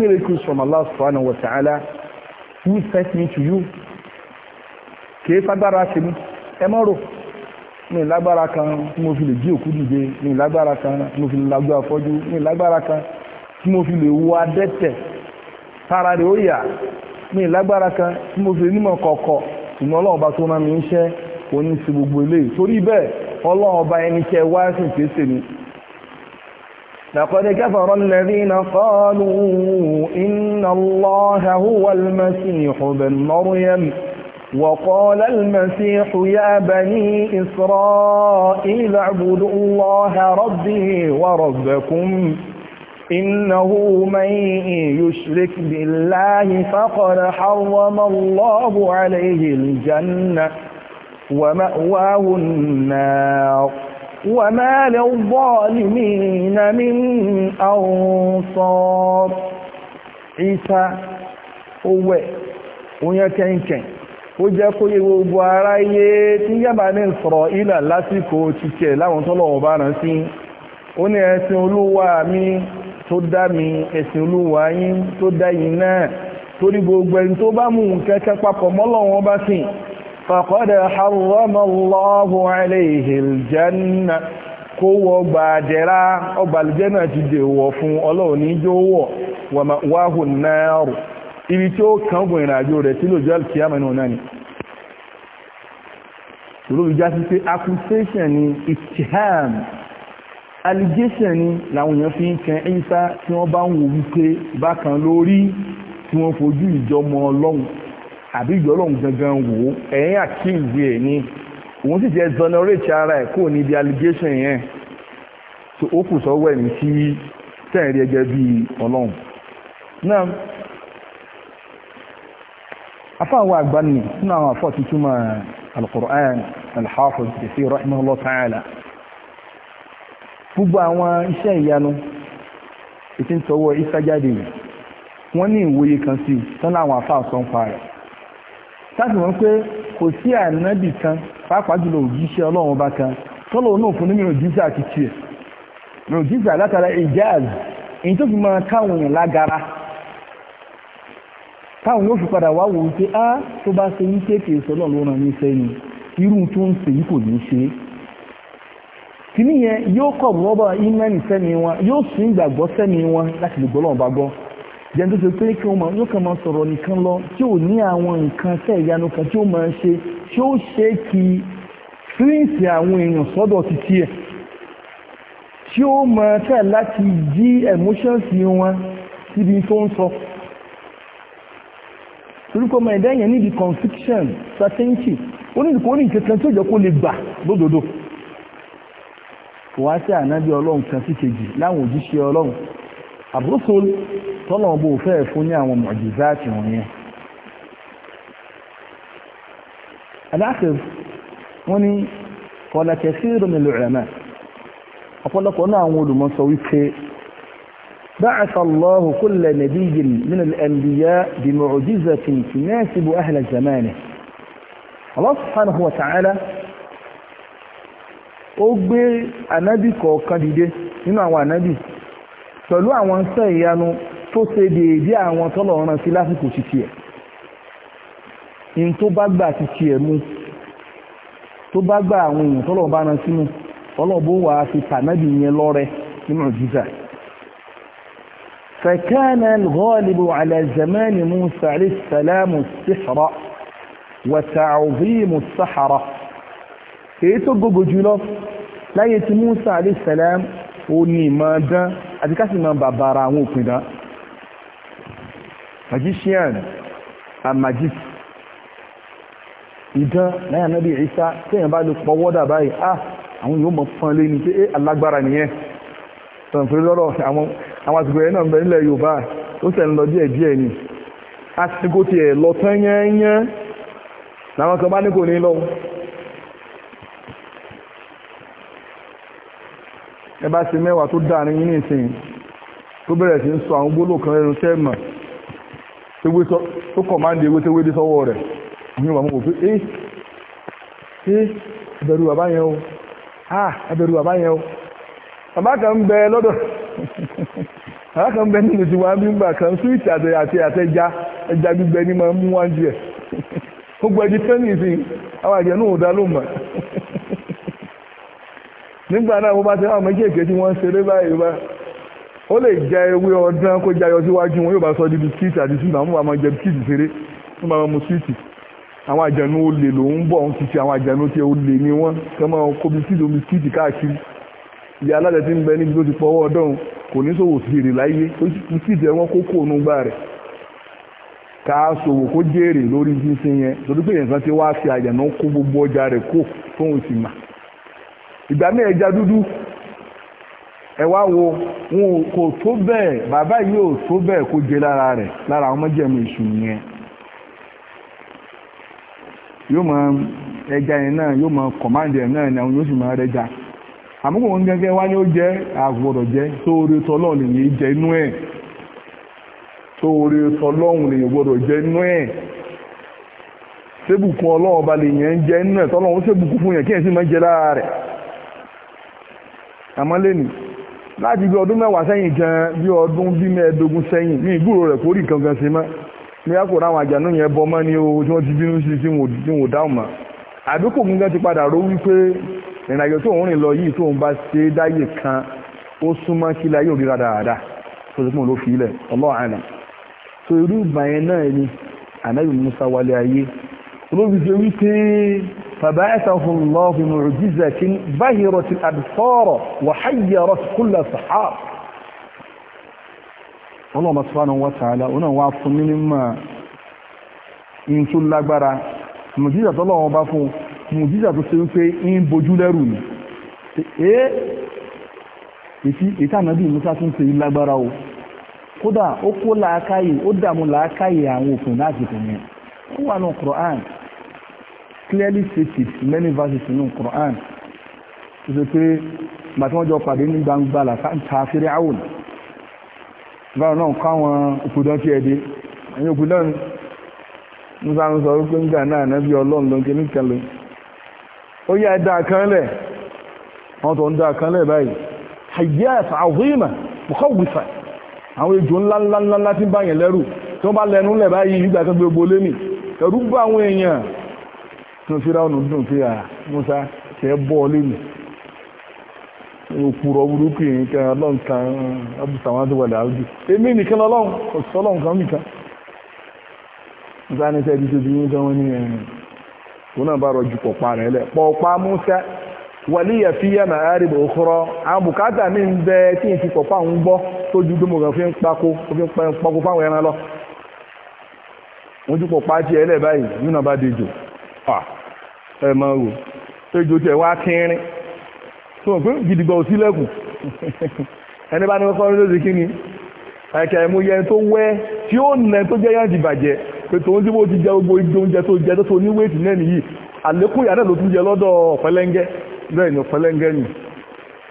miracles from Allah subhanahu wa ta'ala who sent me to you kìí fagbára ṣe mí ẹ mọ́ rò ní kan tí mo fi lè jí òkú dìde kan tí mo fi lè lagbó kan tí mo fi lè wo adẹ́tẹ̀ rẹ̀ ó yà ní ìlágbára kan tí mo fi lè nímọ̀ kọ̀ọ̀kọ̀ ìmọ̀ tó rán mi ń ṣẹ́ òní gbogbo eléyìí torí bẹ́ẹ̀ ẹni wá sí ìkéṣe mi. لقد كفر الذين قالوا إن الله وقال المسيح يا بني إسرائيل اعبدوا الله ربي وربكم إنه من يشرك بالله فقد حرم الله عليه الجنة ومأواه النار وما للظالمين من أنصار عيسى هو كين ó jẹ́ kó ara gbogbo aráyé tí yábà ní sọ̀rọ̀ lásìkò títẹ̀ láwọn tọ́lọ̀ bá rán sí ó ní ẹ̀sìn olúwa mi tó dá mi ẹ̀sìn olúwa yín tó dá yín náà torí gbogbo ẹni tó bá mú kẹ́kẹ́ papọ̀ mọ́lọ́wọ́n bá sìn ibi tí ó kàn gùn ìrìnàjò rẹ̀ tí lòjọ́ kìíyàmọ̀ náà náà ni olóbi já sí pé accusation ni ittiham allegation ni làwọn èèyàn fi ń kan ẹ́yíṣá tí wọ́n bá ń wò wípé bákan lórí tí wọ́n fojú ìjọmọ ọlọ́run àbí ìjọlọ́run gangan wò ó ẹ̀yìn àkíyèsí ẹ̀ ni òun sì jẹ́ exonerate ara ẹ̀ kúrò níbi allegation yẹn tó ó kù sọ́wọ́ ẹ̀ ní sí tẹ̀rí ẹgẹ́ bíi ọlọ́run náà afáwọn àgbà ní nínú àwọn afọ́ tuntun ma al-Qur'an al-Hafiz Kathir rahimahullah ta'ala gbogbo àwọn iṣẹ́ ìyanu ètí ń tọwọ́ ìsájáde yìí wọ́n ní ìwòye kan sí tán láwọn afáà sọ ń pa rẹ̀ sáàtì wọ́n pé kò sí ànábì kan pàápàá jùlọ òjíṣẹ́ ọlọ́run ọba kan tọ́lọ̀ náà fún nínú òjíṣẹ́ àti tiẹ̀ òjíṣẹ́ látara ìjáàz èyí tó fi máa káwọn èèyàn táwọn yóò fi padà wá wò wípé á tó bá ṣe wípé kì í sọlọ́ ló ràn mí sẹ́yìn irú tó ń ṣe yìí kò ní ṣe kìíní yẹn yóò kọ̀ rọ́bà ìmẹ́ni sẹ́mi wọn yóò sún ìgbàgbọ́ sẹ́mi wọn láti lè gbọ́ lọ́wọ́ bá gbọ́ jẹ́ni tó ṣe pé kí wọ́n yóò kàn máa sọ̀rọ̀ nìkan lọ tí ò ní àwọn nǹkan tẹ́ ìyanu kan tí ó máa ń ṣe tí ó ṣe kí fíríǹsì àwọn èèyàn sọ́dọ̀ ti tiẹ̀ tí ó máa tẹ̀ láti jí emotions wọn síbi tó ń sọ torípọ̀ ọmọ ẹ̀dá èèyàn níbi conviction certainty ó ní ìkórè kankan tí ó jẹ́ kó lè gbà lódodo kò wá sí ànábì ọlọ́run kan sí kejì láwọn òjíṣẹ́ ọlọ́run àbúrúsọ tọ́lọ̀ bó fẹ́ fún ní àwọn mọ̀jìzáàtì wọ̀nyẹn aláàfẹ́ wọ́n ní kọ̀ọ̀lá kẹsí ìròmìlò rẹ̀ náà ọ̀pọ̀lọpọ̀ náà àwọn olùmọ̀ sọ wípé بعث الله كل نبي من الأنبياء بمعجزة تناسب أهل زمانه الله سبحانه وتعالى ó gbé ànábì kọ̀ọ̀kan dìde nínú àwọn ànábì pẹ̀lú àwọn iṣẹ́ ìyanu tó ṣe déédé àwọn tọ́lọ̀ rán sí lásìkò títí ẹ̀ in tó bá gbà títí ẹ̀ mú tó bá gbà àwọn èèyàn tọ́lọ̀ bá rán sínú ọlọ́bó wàá fi tànábì yẹn lọ́rẹ nínú ìjíjà ẹ̀ فكان الغالب على زمان موسى عليه السلام السحر وتعظيم السحرة يتقب جلوف لا يتموسى عليه السلام oni ma dán àti ká sì máa bàbá ara àwọn òpin dán magician and magic ìdán náà nábì Ìsá tẹ́yìn bá lè pọwọ́dà báyìí ah àwọn yóò mọ̀ fún lé ní pé alágbára nìyẹn tọ̀nfẹ́ lọ́rọ̀ àwọn àwọn àsìkò yẹn náà ń bẹ nílẹ̀ Yorùbá ó sì ń lọ díẹ̀ díẹ̀ ni àsìkò tiẹ̀ lọ tán yẹ́nyẹ́ làwọn kan bá ní kò ní lọ. ẹ bá ṣe mẹ́wàá tó dáa ní yín nìsín tó bẹ̀rẹ̀ sí ń sọ àwọn gbólóò kan lẹ́nu tẹ́ẹ̀mọ̀ tó kọ̀ ewé tó wé dé sọ́wọ́ rẹ̀ ní wà mú òfin eh eh ẹbẹ̀rù bàbá yẹn o ah ẹbẹ̀rù bàbá yẹn o bàbá kan bẹ lọ́dọ̀ alákan bẹ nínú tí wọn bímbà kan súwìtì àti àti àtẹjá ẹja gbígbẹ ní máa mú wá jù ẹ gbogbo ẹjì tẹ́lẹ̀ sí àwọn àjẹ náà ò dá ló mọ̀ nígbà náà wọ́n bá ti ráwọn méjèèké tí wọ́n ń ṣeré báyìí bá ó lè ja ewé ọdán kó jayọ síwájú wọn yóò bá sọ di bisikíìtì àti súwìtì àwọn ọmọ jẹ bisikíìtì ṣeré wọ́n máa mu súwìtì àwọn àjẹnú olè lòún bọ̀ ń fi ti àwọn àjẹnú tí ó lè ní wọ́n kí kó bisikíìtì káàkiri ìyá alálẹ̀ tí ń bẹ níbi tó ti pọwọ́ ọdọ́run kò ní ṣòwò jèrè láyé ó sì jẹ́ wọ́n kókó òun gbà rẹ̀ ká ṣòwò kó jèrè lórí sísin yẹn torí pé ìyẹn ti wá sí àyànà kó gbogbo ọjà rẹ̀ kó tóun sì mà ìgbà náà ẹja dúdú ẹ wá wo wọn kò tó bẹ́ẹ̀ bàbá yìí ò tó bẹ́ẹ̀ kó jẹ lára rẹ̀ lára àwọn mọ́jẹ̀mú ìṣù yẹn yóò máa ẹja yẹn náà yóò máa kọ̀máǹdì yẹn náà ni àwọn yóò sì máa rẹja àmúkò ń gẹ́gẹ́ wáyé ó jẹ́ àgbọ̀dọ̀ jẹ́ tó orí lè yé jẹ́ inú ẹ̀ tó orí tọ́lọ́hùn lè gbọ́dọ̀ jẹ inú ẹ̀ sébùkún ba lè fún yẹn kí ẹ̀ sì máa jẹ lára rẹ̀ láti bí ọdún mẹ́wàá sẹ́yìn gan ọdún bí mẹ́ẹ̀ẹ́dógún sẹ́yìn ní ìgbúrò rẹ̀ kórì kankan sí ní àwọn àjànú yẹn bọ́ mọ́ o tí ti bínú sí tí wọ́n mọ́ ti padà ró wípé ìrìnàjò tó ń rìn lọ yìí tó ń bá ṣe dáyé kan ó súnmọ́ kí láyé òrìra dáadáa tó ti pọ̀ ló fi ilẹ̀ ọlọ́ọ̀hánà tó irú ìgbà yẹn náà ni ànábì Musa wálé ayé olóbi ṣe wípé bàbá ẹ̀sà fún lọ́ọ̀fin mùrùjíza kí báhìrọ̀ ti àdìsọ́rọ̀ wà háyàrọ̀ kúlẹ̀ sàá ọlọ́ọ̀mà sọ́nà wọ́n tààlà ó náà wá fún mínímà in tó lágbára mùrùjíza tọ́lọ́wọ́n bá fún mùjíṣà tó ṣe ń pé ń bojú lẹ́rù ni ee èsì ètò ànábì Musa tún ṣe lágbára o kódà ó kó làákàyè ó dààmú làákàyè àwọn òfin láti fún mi ó wà nù Quran clearly stated many verses nù Quran tó ṣe pé màtí wọ́n jọ pàdé ní gbangba làkàntà fèrè àwọn báwọn náà káwọn òkúdọ́ tí ẹ dé ẹ̀yìn òkúdọ́ ni Musa ń sọ wípé ń gbà náà náà bí Ọlọ́run ló ń kí ní kẹlẹ́ ó yá ẹ̀dá kan lẹ̀ wọ́n tó ń dá kan lẹ̀ báyìí hayat azima mukhawifa àwọn ejò ńlá ńlá ńlá ńlá tí ń bá yẹn lẹ́rù tí wọ́n bá lẹ́nu lẹ̀ báyìí ìgbà kan gbogbo lémi ẹ̀rú bá àwọn èèyàn tí wọ́n fi ra ọ̀nà dùn pé à Musa kẹ́ bọ́ lémi òpùrọ̀ burúkú yìí kẹ́ ọlọ́run kan abùsàwọn àti wàlẹ̀ àwùjọ èmi nìkan lọ́lọ́run kò sọ́lọ́run kan nìkan Musa ní sẹ́ẹ̀dì tó ti yín gan wọn ní ẹ̀rìn wọn náà bá rọjò pọ̀pá rẹ̀ lẹ̀ pọ̀pá musa wàlíyà fíyà náà àríbò òkúrọ̀ àwọn bùkátà mi ń bẹ tí n fi pọ̀pá ń gbọ́ tó ju dúmọ̀ fi ń pako fi ń fáwọn ẹran lọ wọn ju pọ̀pá tiẹ̀ báyìí yóò náà bá dejò ẹ wò wá tó gidi ẹni bá ní ẹ̀kẹ́ tó wẹ́ tí ó nà tó jẹ́ bàjẹ́ pé tòun tí ti jẹ gbogbo ibi oúnjẹ tó jẹ tó ní wéètì náà nìyí àlékún ìyá náà ló tún jẹ lọ́dọ̀ bẹ́ẹ̀ ni ọ̀pẹ́lẹ́ngẹ́ ni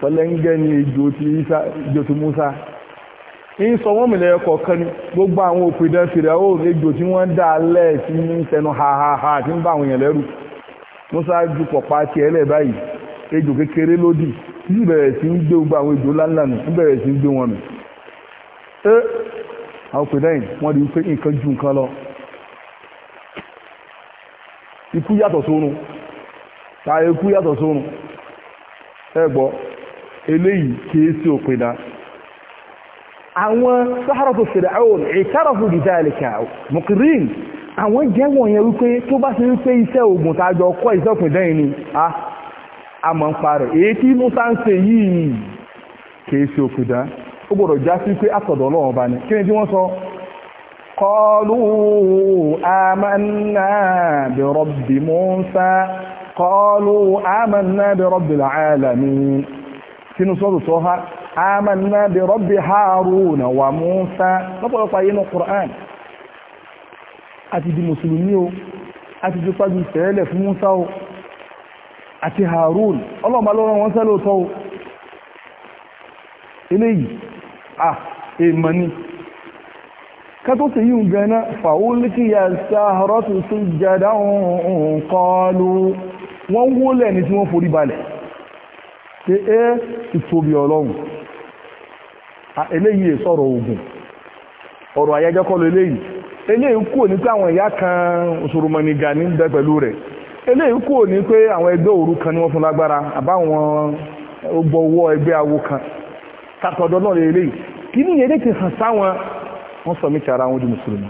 ọ̀pẹ́lẹ́ngẹ́ ni ìjò ti isa ìjò musa ń sọ wọ́n mìlẹ̀ ẹ̀kọ́ gbogbo àwọn òkú ìdán ó tí wọ́n dá alẹ́ tí ń ha ha ha ti ń bá àwọn musa ju pọ̀pá tiẹ̀ lẹ̀ báyìí ejò kékeré lódì sí ń gbé gbogbo ikú yàtọ̀ sórun ta ikú yàtọ̀ sórun ẹ gbọ́ eléyìí kìí sí òpin náà àwọn sáhárọ̀tò fèrè àwọn ìkárọ̀fù mọ̀kìrín àwọn jẹ́wọ̀n yẹn wípé tó bá ṣe wípé iṣẹ́ ogun tàjọ kọ́ ìṣọ́pìn dẹ́yìn ni a a mọ̀ ń parẹ̀ èyí tí ń yìí kìí sí ó gbọ́dọ̀ sọ قالوا آمنا برب موسى قالوا آمنا برب العالمين في نصوص صوها آمنا برب هارون وموسى نقول صحيح القرآن àti di mùsùlùmí o àti di pàdù ìṣẹ̀lẹ̀ fún Musa o àti Harun ọlọ́mà lọ́rọ̀ wọn sẹ́lẹ̀ òtọ́ o eléyìí ah èèmọ̀ ni kátó sì yíò gana fàúlìkìyà sáhárọ́tù sí jẹ́dá kọlu wọ́n wólẹ̀ ní tí wọ́n forí balẹ̀ ṣe é ìtòbí ọlọ́run eléyìí sọ̀rọ̀ ogun ọ̀rọ̀ ayájọ́ kọlu eléyìí eléyìí kò ní pé àwọn ìyá kan òṣòròmọ̀nì ga ní pẹ̀lú rẹ̀ eléyìí ní pé àwọn ẹgbẹ́ òru kan ni wọ́n fún lágbára àbáwọn ọgbọ̀wọ́ ẹgbẹ́ awo kan náà eléyìí kí ní ti wọ́n sọ mí ti ara wọn di mùsùlùmí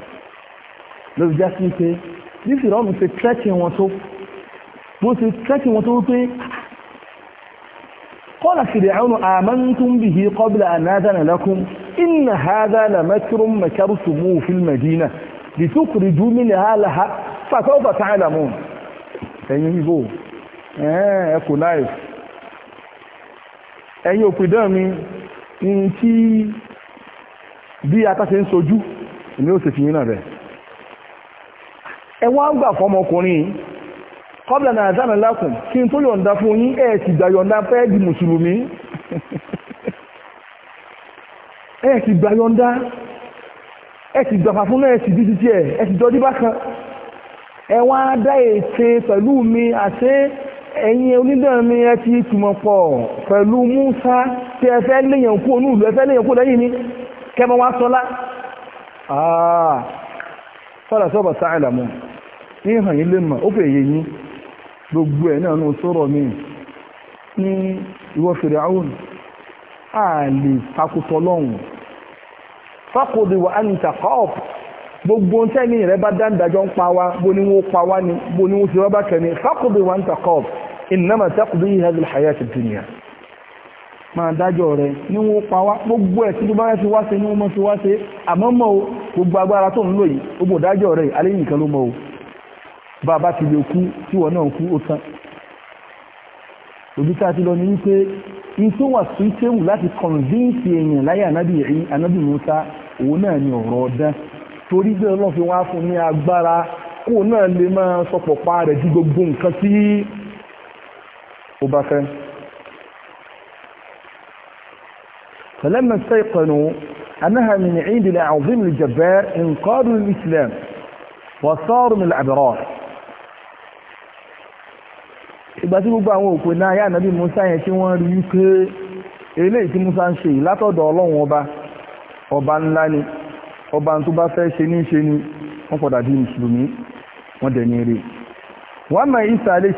ló fi já sí pé bí fìrọ́ọ̀nù ṣe tẹ́kì wọn tó bó ṣe tẹ́kì wọn tó wípé قال فرعون آمنتم به قبل أن آذن لكم إن هذا لمكر مكرتموه في المدينة لتخرجوا منها لها فسوف تعلمون ẹ̀yin ibo ẹ kò láìf ẹ̀yin òpìdán mi ní tí bí atáṣe ń sojú ni ó sì fi yín náà rẹ̀ ẹ wá ń gbà fọmọkùnrin kọ́bìlà náà dáná lákùn kí n tó yọ̀ǹda fún yín ẹ̀ sì gbà yọ̀ǹda pẹ́ di mùsùlùmí ẹ̀ sì gbà yọ̀ǹda ẹ̀ sì gbà fún náà ẹ̀ sì di títí ẹ̀ ẹ̀ sì jọdí bákan ẹ wá dá ète pẹ̀lú mi àti ẹ̀yin onídàámi ẹ ti tùmọ̀ pọ̀ pẹ̀lú Musa tí ẹ fẹ́ léyàn kú onú ìlú ẹ fẹ́ léyàn kú lẹ́yìn mi kẹmọ wá sọlá àà ah, fọ́lá sọ́bọ̀ sáàlà mọ́ ní ìhàn yìí lè mọ̀ ó fẹ́ yẹ yín gbogbo ẹ̀ náà nù sọ̀rọ̀ mi ní ìwọ fèrè àwọn àlè takùtọ̀ lọ́hùn fákòdì wà á ní ìtàkọ́ọ̀f gbogbo tẹ́ni rẹ bá dáńdájọ́ ń pa wá bó ni wọ́n pa wá ni bó ni wọ́n ti rọ́bà kẹ́ni fákòdì wà ní ìtàkọ́ọ̀f ìnáma takùdì yìí hàzìl hayat dunya máa dájọ́ rẹ̀ ní wọ́n pa wá gbogbo ẹ̀ tí tó bá rẹ̀ fi wá ṣe ní wọ́n mọ́ fi wá ṣe àmọ́ mọ́ o gbogbo agbára tó ń lò yìí gbogbo dájọ́ rẹ̀ aléyìn kan ló mọ́ o bá a bá ti lè kú tí wọ́n náà kú ó tán òbí tá a ti lọ ní wípé in tó wà sí tẹ́wù láti convince èèyàn láyé ànábì rí ànábì Musa òun náà ni ọ̀rọ̀ ọ̀dán torí bẹ́ẹ̀ Ọlọ́run fi wá fún ní agbára kó náà lè máa sọpọ̀ pa rẹ̀ ju gbogbo nǹkan tí ó bá fẹ́ فلما استيقنوا أنها من عند العظيم الجبار انقادوا للإسلام وصاروا من الأبرار ìgbà tí gbogbo àwọn òpin náà yá nàbí Musa yẹn tí wọ́n rí wípé eléyìí tí Musa ń ṣe látọ̀dọ̀ Ọlọ́run ọba ọba ńlá ni ọba tó bá fẹ́ ṣe ní ṣe ni wọ́n padà di mùsùlùmí wọ́n dẹ̀ ní eré wọ́n mọ̀ Isa alayhi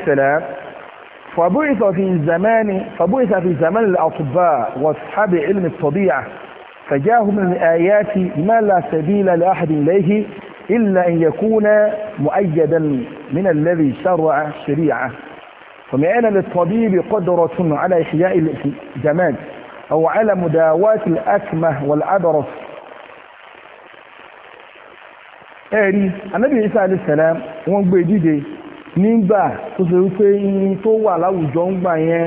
فبعث في زمان فبعث في زمان الأطباء وأصحاب علم الطبيعة فجاءهم من الآيات ما لا سبيل لأحد إليه إلا أن يكون مؤيدا من الذي شرع الشريعة فما للطبيب قدرة على إحياء الجماد أو على مداواة الأكمة والعبرص ẹ̀rí إيه، النبي عليه الصلاه والسلام wọ́n gbé nígbà tó ṣe wípé irin tó wà láwùjọ ń gbà yẹn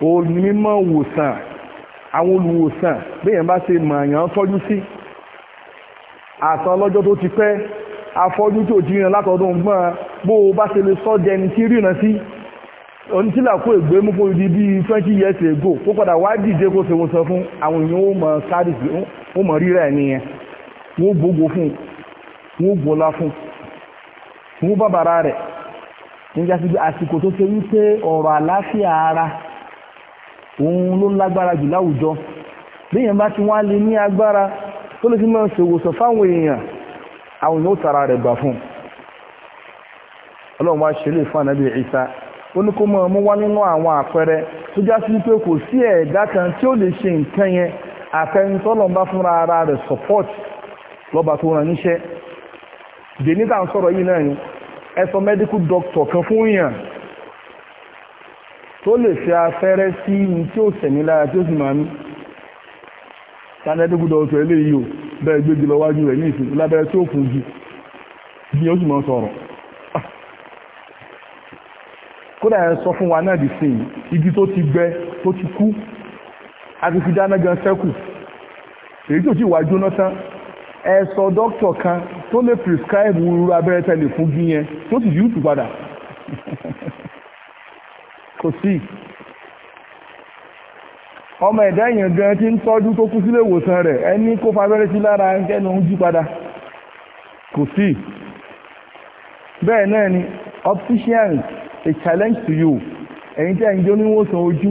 onímọ̀ wòsàn àwọn olùwòsàn béèyàn bá ṣe mọ̀ àyàn tọ́jú sí àtàn ọlọ́jọ́ tó ti pẹ́ afọ́jú tó ti rìn látọ̀dún gbọ́n bó o bá ṣe lè sọ́jẹ́ ẹni tí ríran sí onítìlà kó ègbé mú kó di bí twenty years ago kó padà wá dìde kó ṣe wọ́n sọ fún àwọn èèyàn ó mọ sáàdìsì ó mọ rírà ẹ̀ nìyẹn wọ́n gbogbo fún wọ́n gbọ́lá fún wọ́n bàbàrà rẹ̀ nígbà tí àsìkò tó ṣe wípé ọ̀rọ̀ àlàáfíà ara òun ló lágbára jù láwùjọ bí èèyàn bá ti wá lè ní agbára tó lè fi máa ṣèwòsàn fáwọn èèyàn àwọn èèyàn ó tara rẹ̀ gbà fún un ọlọ́run wá ṣe lè fún ànábì ó ní kó wá nínú àwọn àpẹẹrẹ tó já sí pé kò sí ẹ̀dá ara rẹ̀ support lọ́ba tó ràn níṣẹ́ dèní tá à ń sọ̀rọ̀ yìí náà ni ẹ sọ medical doctor kan fún yàn tó lè ṣe afẹ́rẹ́ sí ní tí ó sẹ̀mí lára tí ó sì máa ń ta medical doctor eléyìí o bẹ́ẹ̀ gbégi lọ wájú rẹ̀ ní ìsìnkú lábẹ́rẹ́ tí ó fún jù bí ó sì máa sọ̀rọ̀ ah! kódà ẹ sọ fún wa náà dì sí igi tó ti gbẹ tó ti kú a ti fi dáná gan sẹ́kù èyí tó ti wà jóná tán ẹ sọ dókítọ̀ kan tó lè prescribe irú abẹ́rẹ́ tẹ́lẹ̀ fún bí yẹn tó sì yúùtù padà kò sí ọmọ ẹ̀dá èèyàn gan tí ń tọ́jú tó kú sílé ìwòsàn rẹ̀ ẹni kó fa abẹ́rẹ́ sí lára ẹnu ń jí padà kò sí bẹ́ẹ̀ náà ni opticians a challenge to you ẹ̀yin tí ẹ̀yin jẹ́ oníwòsàn ojú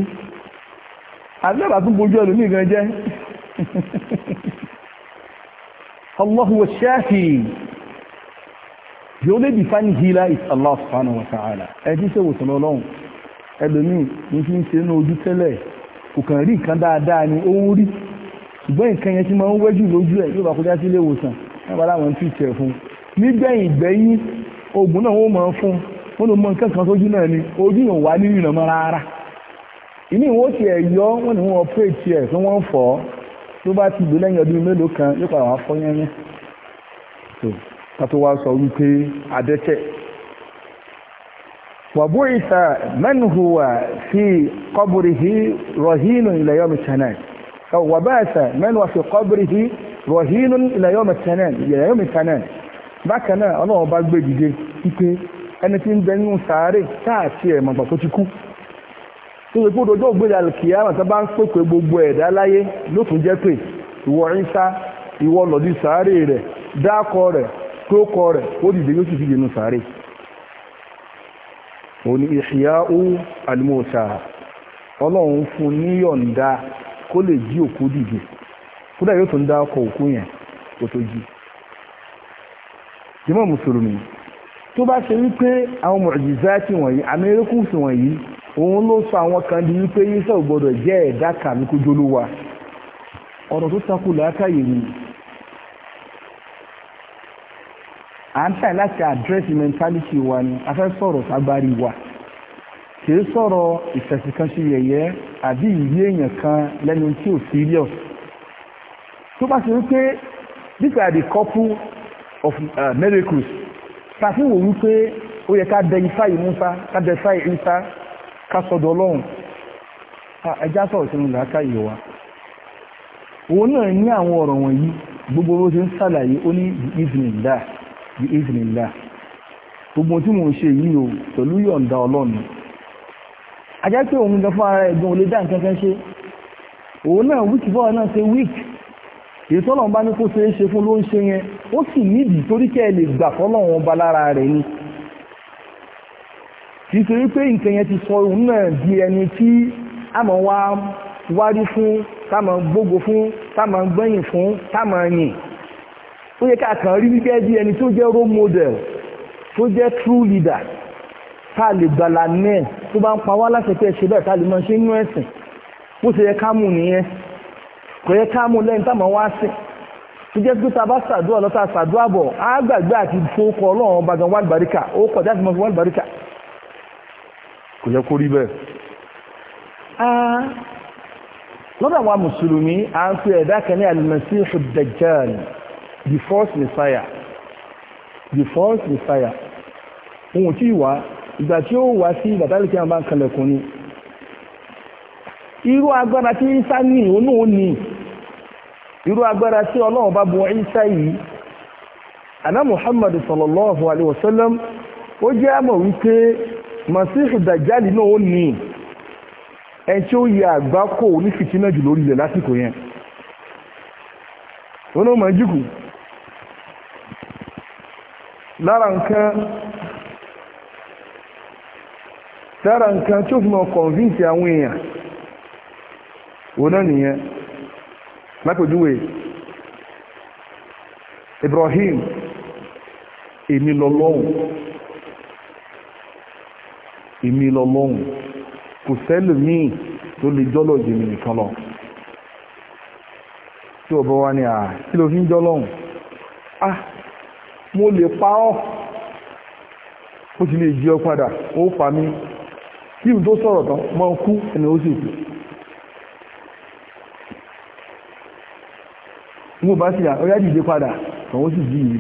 agbára tún bojú ẹlòmíì gan jẹ́ Allah huwa shafi the only defining healer is Allah subhanahu wa ta'ala ẹ̀tí ṣe wòsàn ọlọ́run ẹlòmí ní fi ń ṣe ní ojú tẹ́lẹ̀ kò kàn rí nǹkan dáadáa ni ó ń rí ṣùgbọ́n nǹkan yẹn ti máa ń wẹ́jù lójú ẹ̀ yóò bá kọjá sí ilé ìwòsàn nígbà láwọn tí ì tẹ̀ fún nígbẹ̀yìn ìgbẹ̀yìn oògùn náà wọ́n máa fún wọ́n ló mọ nǹkan kan sójú náà ni ojú yàn wá nínú ìrànmọ́ rárá ìní ìwọ́n ti ẹ̀ ni wọ́n pè tiẹ̀ fún wọ́n fọ́ tó bá ti lò lẹ́yìn ọdún mélòó kan yóò padà wá fọ́ yẹ́yẹ́ so kátó wá sọ wípé adẹ́tẹ̀ wàbú ìta mẹ́nuhùwà fi kọ́bùrìhì rọ̀hínù ìlẹ̀yọ́mì tẹ̀nẹ̀ wàbá ìta mẹ́nuhùwà fi kọ́bùrìhì rọ̀hínù ìlẹ̀yọ́mì tẹ̀nẹ̀ bákan náà ọlọ́run bá gbé dìde wípé ẹni tí ń bẹ nínú sàárè táàtì ẹ̀mọ̀gbà tó ti kú tó ṣe fóòdó ọjọ́ ògbéra kìíyàmà tó bá ń pèpè gbogbo ẹ̀dá láyé ló tún jẹ́ pé ìwọ ìsá ìwọ lọ̀dí sàárè rẹ̀ dákọ rẹ̀ tó kọ rẹ̀ ó dìde yóò sì fi dènù sàárè òní ìṣìyà ó àlùmọ̀ọ́sà ọlọ́run fún níyọ̀ǹda kó lè jí òkú dìde kódà yóò tún dákọ òkú yẹn kó tó jí jẹ́mọ̀ mùsùlùmí tó bá ṣe wípé àwọn mọ̀jìzáàtì wọ̀nyí àmì erékùsù wọ̀nyí òun ló sọ àwọn kan di wípé yíṣẹ́ ò gbọ́dọ̀ jẹ́ ẹ̀dá kàmí kó jólúwa ọ̀rọ̀ tó takò látàyè ni à ń láti àdírẹ́sì mẹ́ntálítì wa ni a fẹ́ wa kìí sọ̀rọ̀ ìfẹ̀sìn kan yẹ̀yẹ́ àbí ìrí èèyàn kan lẹ́nu tí ò serious tó bá ṣe wípé the couple of uh, miracles tàbí wípé ó yẹ ká dẹ́yìn fáyì Musa ká dẹ́yìn fáyì Isa kásọ̀dọ̀ ọlọ́run ẹjá sọ̀rọ̀ sínú làákà yìí wa òun náà ní àwọn ọ̀rọ̀ wọ̀nyí gbogbo bó ṣe ń sàlàyé ó ní bí ìzìnìlá bí ìzìnìlá gbogbo tí mò ń ṣe yìí o pẹ̀lú yọ̀ǹda ọlọ́run ajá pé òun gan fún ara ẹ̀gbọ́n olè dá nǹkan kan ṣe òun náà wíìkì bọ́ọ̀ náà ṣe wíìkì èyí tọ́lọ́run bá ní kó ṣe é ṣe fún ló ń ṣe yẹn ó sì nídìí torí kẹ́ ẹ lè gbà fọ́lọ́run ọba lára rẹ̀ ni kìí ṣe wípé nǹkan yẹn ti sọ òun náà di ẹni tí a máa wá wárí fún tá máa gbógo fún tá máa gbẹ̀yìn fún tá máa yìn ó yẹ ká kàn rí gẹ́gẹ́ bí ẹni tó jẹ́ role model tó jẹ́ true leader tá a lè gbàlà náà tó bá ń pa wá láṣẹ pé ṣe bẹ́ẹ̀ tá a lè máa ṣe inú ẹ̀sìn bó ṣe yẹ ká mú nìyẹn kò yẹ ká mú lẹ́yìn tá máa wá sìn tó jẹ́ pé tá a bá ṣàdúrà lọ́ta ṣàdúrà bọ̀ á gbàgbé àti fowó kọ ọlọ́run ọba gan wàlúbáríkà ó kọjá sí mọ́ fún wàlúbáríkà kò yẹ kó rí bẹ́ẹ̀ lọ́dọ̀ àwọn mùsùlùmí a ń fi ẹ̀dá kan ní al-Masihu Dajjal the false messiah the false messiah ohun tí wà ìgbà tí ó wà sí ìgbà tálẹ̀ kí wọ́n bá ń kalẹ̀kùn ni irú agbára tí Isa ní òun ò ní irú agbára tí Ọlọ́run bá bu Isa yìí àná Muhammad sallallahu alaihi wasallam ó jẹ́ àmọ̀ wípé masihu dajali náà ó ní ẹni tí ó yẹ àgbákò onífìtínà jù lórí ilẹ̀ lásìkò yẹn wọn náà máa jùkù lára nǹkan lára nǹkan tí ó fi máa convince àwọn èèyàn wọn náà nìyẹn lápèjúwe Ibrahim èmi lọ́lọ́hùn èmi lọ́lọ́hùn kò sẹ́lòmíì tó lè jọ́lọ̀ jèmi nìkan lọ tí ọ̀bọ wa ni àà kí ló fi ń jọ́lọ́hùn ah mo lè pa ọ́ ó ti lè jí ọ padà ó pa mí kí n tó sọ̀rọ̀ tán mọ́ kú ẹni ó sì kú mo bá sì yà ó yá dìde padà tàn ó sì jí yìí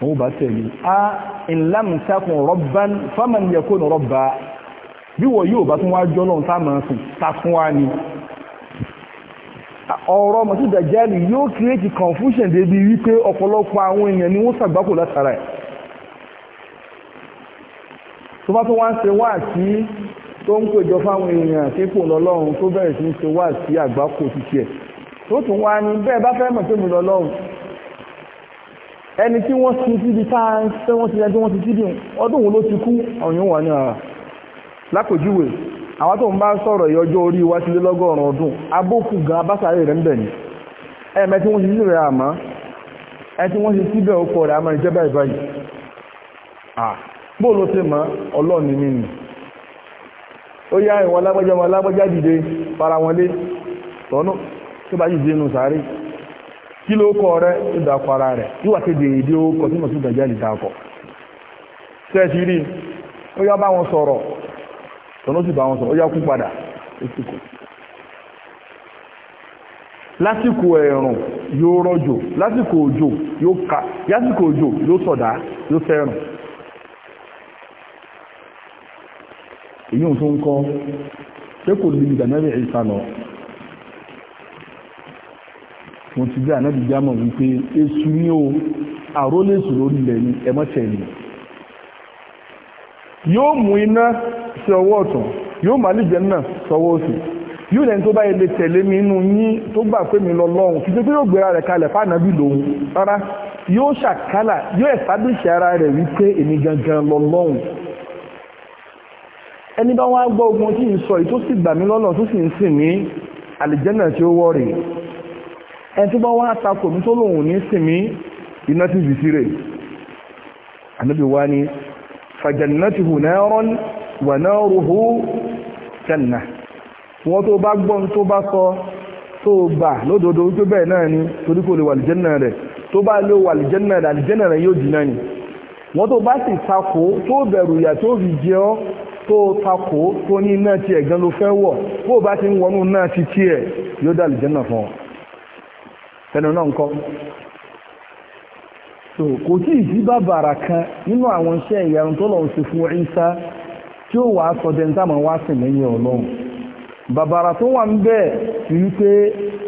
wọ́n bá tẹ̀lé a ìlàmùsákùn rọ́bán fámàn yẹkùn rọ́bà bí wọ́n yóò bá tún wá jọ́lọ́n sáàmà sùn takún wá ni ọ̀rọ̀ mọ̀tí dàjálì yóò kírètì confusion débi wípé ọ̀pọ̀lọpọ̀ àwọn èèyàn ni wọ́n sàgbákò látara ẹ̀ tó bá tún wá ń ṣe wá sí tó ń pèjọ fáwọn èèyàn sípò lọ́lọ́run tó bẹ̀rẹ̀ sí ń ṣe wá sí àgbákò ti tiẹ̀ tó tún wá ní bẹ́ẹ̀ bá fẹ́ mọ̀ tó mi ẹni tí wọ́n ti síbi táà ń fẹ́ wọ́n ti ẹni tí wọ́n ti síbi ọdún òun ló ti kú ọ̀yún wà ní ara lápòjúwe àwọn tó ń bá sọ̀rọ̀ ìyọjọ́ orí wa ti lé lọ́gọ́rùn ọdún abókù gan abásáré rẹ̀ ń bẹ̀ ni ẹ̀mẹ́ tí wọ́n ti síbi rẹ̀ àmọ́ ẹ tí wọ́n ti síbẹ̀ ó pọ̀ rẹ̀ àmọ́ ìjẹba ìbáyìí bóò ló ti mọ́ ọlọ́ọ̀ni mi nì ó yá ìwọ̀n alágbájá alágbájá dìde fara wọn lé tọ́nú tó bá yìí dé sáré kí ló kọ rẹ̀ yíwà tí dèédé kọ tí mo tún dàjálì dàpọ̀ sẹ́ẹ̀tì rí ó yá bá wọn sọ̀rọ̀ tọ́nà sì bá wọn sọ̀rọ̀ ó yá kú padà lásìkò ka lásìkò òjò yóò sọ̀dá yóò fẹ́ràn èyí ò kọ́ ṣé kò lè tó ti bí ànábì jámọ̀ wípé èṣù ní o àrólèṣù lórí ilẹ̀ ni ẹmọ́tẹ̀ ni yóò mú iná sí ọwọ́ ọ̀tún yóò má lè jẹ́ náà sọwọ́ òsì yóò lẹ́ni tó bá lè tẹ̀lé mi inú yín tó gbà pé mi lọ lọ́hùn kí ṣe yóò gbéra rẹ̀ kalẹ̀ fáànàbí lòun rárá yóò ṣàkálà yóò ẹ̀sábìṣì ara rẹ̀ wípé èmi gangan lọ lọ́hùn ẹni bá wọn á gbọ́ ogun tí ń sọ yìí tó sì gbà mí lọ́nà tó sì ń sìn mí àlìjẹ́nà tí ó wọ́ rèé ẹni tó bá wá takò mí tó lòun ní sinmi iná ti bì síre ànábì wá ní fàjànnátìhù náírọ́n wà náírùhù jannah wọ́n tó bá gbọ́n tó bá sọ tó bà lódodo tó bẹ́ẹ̀ náà ni torí kò lè wà lìjẹ́nà rẹ̀ tó bá lè wà lìjẹ́nà rẹ̀ àlìjẹ́nà rẹ̀ yóò jìnnà ni wọ́n tó bá sì takò tó bẹ̀rù ìyà tó fi jẹ ọ́ tó takò tó ní náà tiẹ̀ gan ló fẹ́ wọ̀ bó bá ti ń wọnú náà ti tiẹ̀ yóò dá lìjẹ́nà fún ọ sẹ́nu náà ń so kò tí ì kan nínú àwọn iṣẹ́ ìyàrùn tó fún Ìsá tí ó wàá sọ dẹ́ńtà wá sìn lẹ́yìn ọlọ́run bàbàrà tó wà ń pé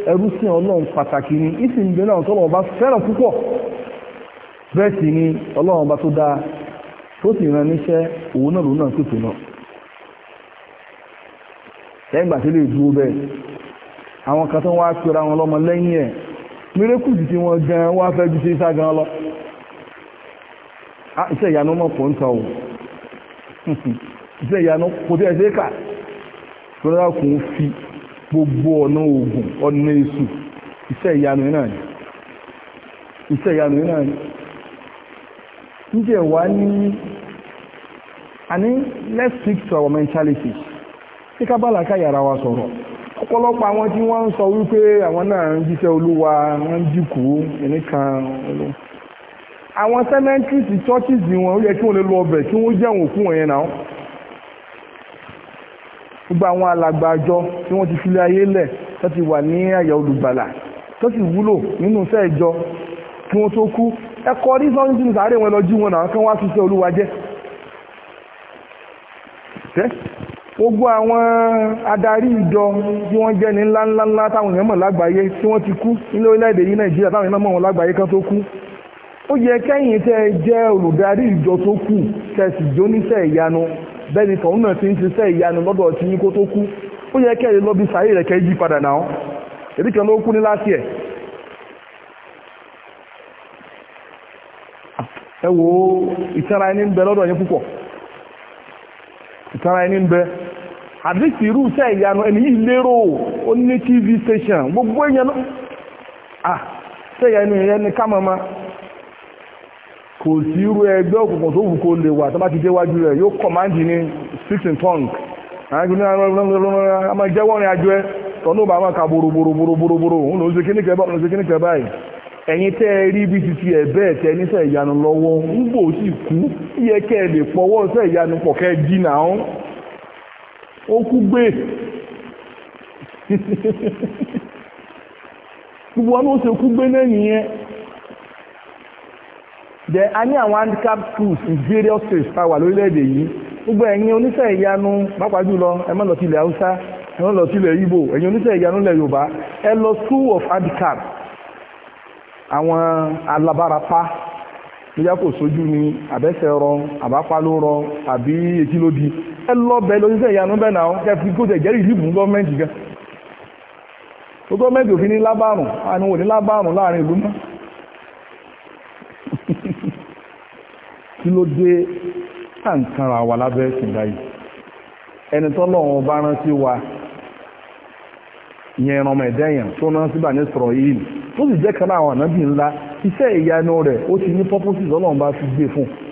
ẹrú ọlọ́run pàtàkì ni ìsìn náà tó bá púpọ̀ bẹ́ẹ̀ sì ni ọlọ́run bá tó tó sì níṣẹ́ òun náà lòun náà náà tí lè mirekùsì tí wọ́n gan wọ́n fẹ́ ju ṣe sá gan lọ ah, iṣẹ́ ìyanu mọ̀ pọ̀ ń tọ́ iṣẹ́ ìyanu kò tí ẹ̀ ṣe kà lọ́dọ̀ kò ń fi gbogbo ọ̀nà oògùn ọ̀nà èṣù iṣẹ́ ìyanu náà ni iṣẹ́ ìyanu náà ni níjẹ̀ wá ní àní let's stick to our mentality ṣé ká yàrá wa sọ̀rọ̀ ọ̀pọ̀lọpọ̀ àwọn tí wọ́n ń sọ wípé àwọn náà ń jíṣẹ́ olúwa wọ́n ń jìkú nìkan àwọn cemeteries churches wọn ó yẹ kí wọ́n lè lọ ọbẹ̀ kí wọ́n jẹun òkú wọn yẹn náà gbogbo àwọn alàgbà àjọ tí wọ́n ti fi ayé lẹ̀ tó ti wà ní àyà olùgbàlà tó sì wúlò nínú iṣẹ́ ìjọ kí wọ́n tó kú ẹ̀kọ́ rí sọ́yún sínú sàárè wọn lọ jí wọn náà kí wọ́n á tún olúwa jẹ́ gbogbo àwọn adarí ìjọ tí wọ́n jẹ́ ní ńláńláńlá táwọn èèyàn mọ̀ lágbàáyé tí wọ́n ti kú nílé orílẹ̀-èdè yìí nàìjíríà táwọn èèyàn mọ̀ wọn lágbàáyé kan tó kú ó yẹ kẹ́yìn tẹ́ ẹ jẹ́ olùdarí ìjọ tó kù tẹ̀sí jóníṣẹ́ ìyanu bẹ́ẹ̀ni tọ̀hún náà ti ń ṣiṣẹ́ ìyanu lọ́dọ̀ tí yín kó tó kú ó yẹ kẹ́ ẹ lọ bí sàárè rẹ̀ kẹ́ yí padà náà wo ìtara ẹni ń bẹ lọ́dọ̀ yín púpọ̀ ìtara ẹni ń bẹ àdìsí irú iṣẹ́ ìyanu ẹni yìí lérò ó ní tv station gbogbo èèyàn náà ṣe ìyanu ìyẹn kò sí irú ẹgbẹ́ òkùnkùn tó wù kó lè wà tó bá ti déwájú rẹ̀ yóò kọ̀máǹdì ní six in tongue a máa rìn ẹ tọ́nú ó kú gbé gbogbo ọmọ oṣù kú gbé náà nìyẹn dẹ̀ a ní àwọn handicap schools in various states ta wà lórílẹ̀-èdè yìí gbogbo ẹ̀yin oníṣẹ́ ìyanu pàápàá jùlọ ẹ má lọ sí ilẹ̀ haúsá ẹ má lọ sí ilẹ̀ Ìgbò ẹ̀yin oníṣẹ́ ìyanu ilẹ̀ yorùbá ẹ lọ school of handicap àwọn alábárapá bóyá kò sójú ni àbẹ́sẹ̀ rọ àbápá ló rọ àbí etí ló di ẹ lọ bẹ lọ sísẹ ìyanu bẹ náà kẹ fi kó tẹ jẹrí ìlú gọọmenti gan tó gọọmenti òfin ní lábàrùn àni wò ní lábàrùn láàrin ìlú mọ kí ló dé tàǹkàrà wà lábẹ́ ẹ̀sìn báyìí ẹni tọ́lọ́run bá rán sí wa yẹn ọmọ ẹ̀dẹ́yàn tó rán sí Bani Israel tó sì jẹ́ kan àwọn ànábì ńlá iṣẹ́ ìyanu rẹ̀ ó ti ní purposes Ọlọ́run bá fi gbé fún un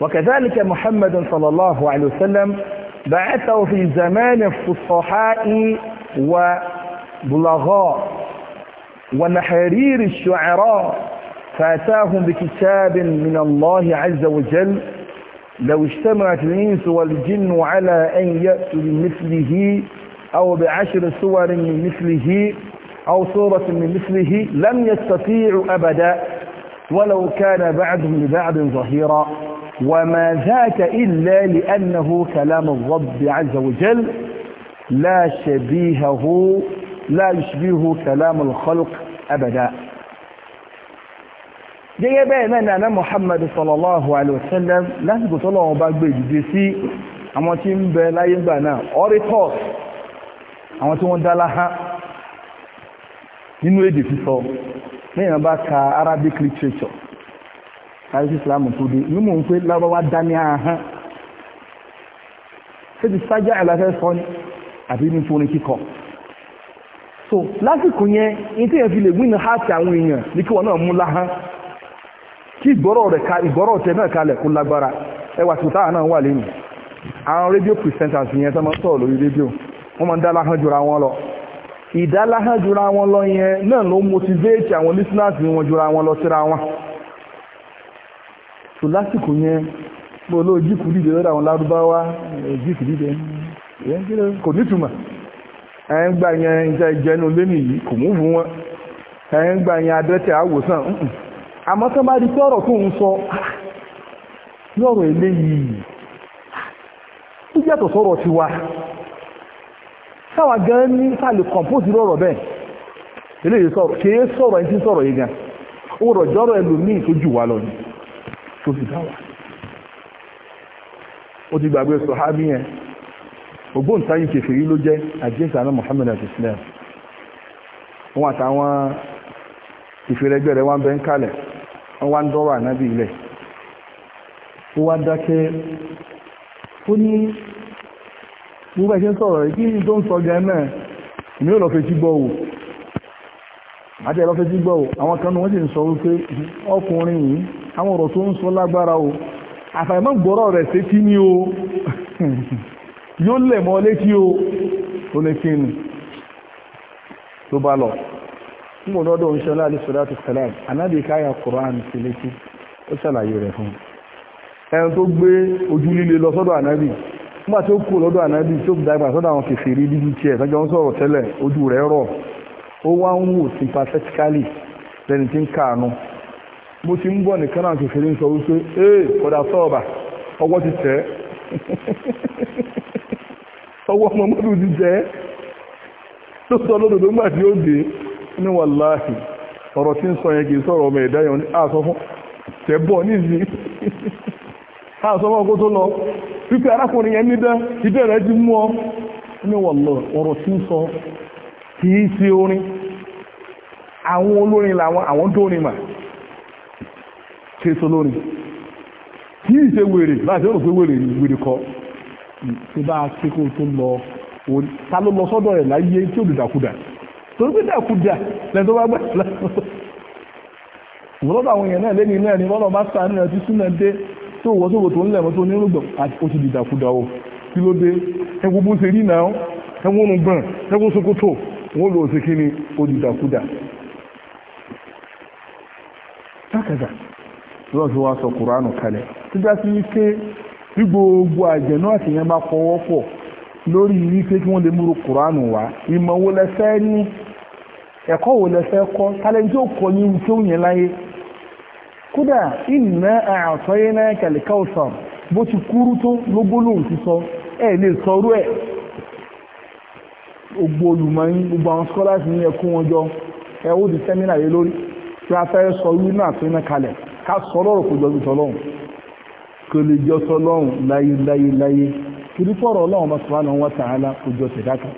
وكذلك محمد صلى الله عليه وسلم بعثه في زمان الفصحاء وبلغاء ونحرير الشعراء فأتاهم بكتاب من الله عز وجل لو اجتمعت الإنس والجن على أن يأتوا بمثله أو بعشر سور من مثله أو صورة من مثله لم يستطيع أبدا ولو كان بعدهم لبعد ظهيرا وما ذاك إلا لأنه كلام الرب عز وجل لا شبيهه لا يشبيه كلام الخلق أبدا جاي بينا أن محمد صلى الله عليه وسلم لا نقول الله وبعد بجدسي أما تيم بلا يبنا أوري أما تيم دلها nínú èdè sísọ lẹ́yìn bá ka arabic literature káyọ̀sí islam tó dé inú mò ń pé lárọ́wá dání ahán ṣé ti sájà àlàfẹ́ sọ ni àbí ní fún kíkọ so lásìkò yẹn ní tí èèyàn fi lè win heart àwọn èèyàn ní kí wọn náà mú láhán kí ìgbọ́rọ̀ rẹ̀ ka ìgbọ́rọ̀ tẹ náà kalẹ̀ kó lágbára ẹwà tó táwọn náà wà lẹ́yìn àwọn rédíò presenters yẹn tó máa ń sọ̀rọ̀ lórí rédíò wọ́n máa ń dá láhán jura wọn lọ ìdáláhà jura wọn lọ yẹn náà ló motivate àwọn listeners wọn jura wọn lọ síra wọn so lásìkò yẹn pé olóò jíkù dìde lọ́dọ̀ àwọn lárúbáwá jíkù dìde kò nítumọ̀ ẹ̀ ń gbà yẹn ìjà ìjẹnu lẹ́nu yìí kò mú fún wọn ẹ̀ ń gbà yẹn adẹ́tẹ̀ àwòsàn àmọ́ tó bá di pé ọ̀rọ̀ tó ń sọ lọ́rọ̀ ah, eléyìí ah, ó yàtọ̀ sọ̀rọ̀ tiwa sáwà gan ní sàlè compose lọ́rọ̀ bẹ́ẹ̀ eléyìí sọ̀rọ̀ kìí sọ̀rọ̀ ẹni tí sọ̀rọ̀ yìí gan ó rọ̀ jọ́rọ̀ ẹlòmíì tó jù wá lọ ni tó dáwà ó ti gbàgbé sọ̀hábí yẹn ògbóǹtayìn kèfèrí ló jẹ́ àjẹsà náà Muhammad àti Islam wọn àtàwọn ìfẹ́rẹ́gbẹ́ rẹ̀ wọn bẹ́ ń gbogbo ẹ̀ṣẹ́ sọ̀rọ̀ kí ní tó ń sọ gan náà èmi ò lọ fetí gbọ́ wò àti ẹ̀lọ́ fetí gbọ́ wò àwọn kan wọ́n sì ń sọ wípé ọkùnrin yìí àwọn ọ̀rọ̀ tó ń sọ lágbára o àfàìmọ́ gbọ́rọ̀ rẹ̀ sétí ní o yóò lẹ̀ mọ́ létí o tó lè kí ni tó bá lọ nígbà lọ́dọ̀ ń ṣọlá àdìsọ́lá ti sẹ́lá ànábì káyà Kùránì sí létí ó ṣàlàyé rẹ̀ fún ẹni tó nígbà tí ó kú lọ́dọ̀ ànábì tó dàgbà sọ́dọ̀ àwọn kèfèrí bíbí tiẹ̀ tọ́jọ́ ń sọ̀rọ̀ tẹ́lẹ̀ ojú rẹ̀ rọ̀ ó wá ń wò sympathetically lẹ́ni tí ń kàánú mo ti ń bọ̀ sọ ee sọ́ọ̀bà ọwọ́ ti tẹ̀ ọwọ́ mọ́mọ́dù ti tẹ̀ sọ tí ó dé ní wàláhì ọ̀rọ̀ tí ń sọ yẹn kì í sọ̀rọ̀ ọmọ ẹ̀dá yẹn ní àsọ fún lọ wípé arákùnrin yẹn nídá ìdẹ́ rẹ̀ ti mú ọ ní wọ̀lọ̀ ọ̀rọ̀ tí ń sọ kì í sí orin àwọn olórin làwọn àwọn dórin mà í kì í ṣe wèrè láti ọ̀rọ̀ pé wèrè wèrè kọ tí bá ṣe kó tó lọ ta ló lọ sọ́dọ̀ rẹ̀ láyé tí ó torí pé dàkudà tó bá lọ́dọ̀ àwọn èèyàn náà lẹ́ni náà ni wọ́n lọ bá tó wọ́ tó wò tó ń lẹ̀mọ́ tó nírúgbọ̀n àti ó ti dìdàkudà o kí ló dé ẹgbogbo ṣe rí náà ẹwọ́n ń gbọ̀n ẹwọ́n sokoto wọ́n lò ó ṣe kí ni ó dìdàkudà. sákàdà lọ́wọ́ fi wá sọ kùránù kalẹ̀ sígbà sí wípé bí gbogbo àjẹ̀nú àtìyẹn bá fọwọ́ pọ̀ lórí wípé kí wọ́n lè múru kùránù wá ìmọ̀ wo lẹ fẹ́ ní ẹ̀kọ́ wo lẹ fẹ́ kọ́ tálẹ́ntì ò kọ́ kódà inna a'tainaka al-kawthar bó ti kúrú tó lógbólóhùn ti sọ ẹ lè sọrú ẹ gbogbo olùmọ̀ yín gbogbo àwọn scholars ní ẹkún wọn jọ ẹ ó di sẹ́mínà yé lórí tí a fẹ́ sọ irú náà tó iná kalẹ̀ ká sọ lọ́rọ̀ kó jọjú tọ́lọ́hùn kò lè jọ tọ́lọ́hùn láyé láyé láyé torí fọ́rọ̀ ọlọ́run bá sọ́wọ́n náà wọ́n tààlà kó jọ tẹ̀dáka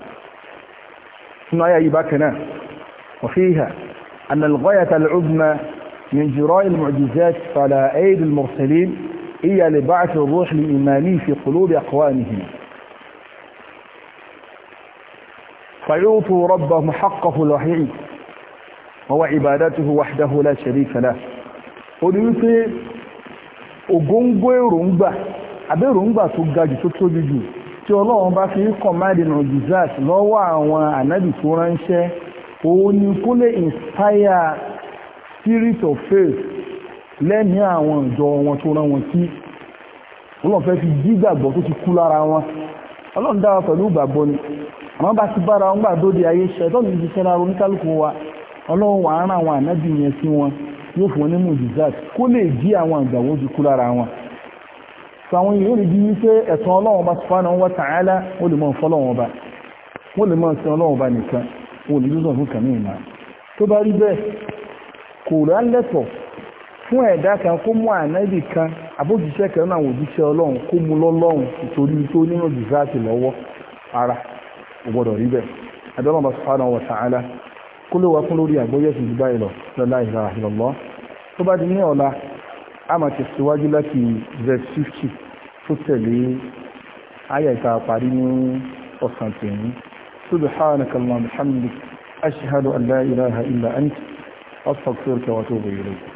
nínú ayé yìí bákan náà من جراء المعجزات على أيد المرسلين إيا لبعث الروح الإيماني في قلوب أقوامهم فيعطوا ربهم حقه الوحيد وهو عبادته وحده لا شريك له وديوتي ògóngó èròǹgbà abẹ́ròǹgbà tó ga jù tó tóbi jù tí ọlọ́run bá fi kàn máàdì nà jùzát lọ́wọ́ àwọn ànábì tó ránṣẹ́ òun ni kó inspire spirit of faith lẹ́mí àwọn ìjọ wọn tó rán wọn sí ọlọ́run fẹ́ fi dígbàgbọ́ tó ti kú lára wọn ọlọ́run dára pẹ̀lú ìgbàgbọ́ ni àwọn bá ti bára wọn gbà dóde ayé ṣe tọ́nù ti ṣe lára oníkálukú wa ọlọ́run wà á rán àwọn ànábì yẹn sí wọn yóò fún wọn ní mùsùlùmí kó lè jí àwọn ìgbàgbọ́ ti kú lára wọn sàwọn yìí ó lè di wípé ẹ̀sán ọlọ́run bá subhanahu wa ta'ala ó lè mọ fọlọ́run bá wọ́n lè mọ sin ọlọ́run bá nìkan ó lè lóṣọ̀ fún kàmí ìmọ̀ tó bá rí bẹ́ẹ̀ kò rá lẹ́tọ̀ fún ẹ̀dá kan kó mú ànábì kan àbójúṣe kan náà òjíṣẹ́ ọlọ́run kó mú lọ́lọ́run ìtorí tó nínú jìsáàtì lọ́wọ́ ara ò rí bẹ́ẹ̀ adọ́nà subhanahu wa ta'ala kó ló wá fún lórí àgbóyè sí ìlọ lọ́lá ìlà ìlọ́lọ́ di ní ọ̀la a máa tẹ̀síwájú láti verse fifty tó tẹ̀lé ayé ìta parí ní ọ̀sán أستغفرك وأتوب إليك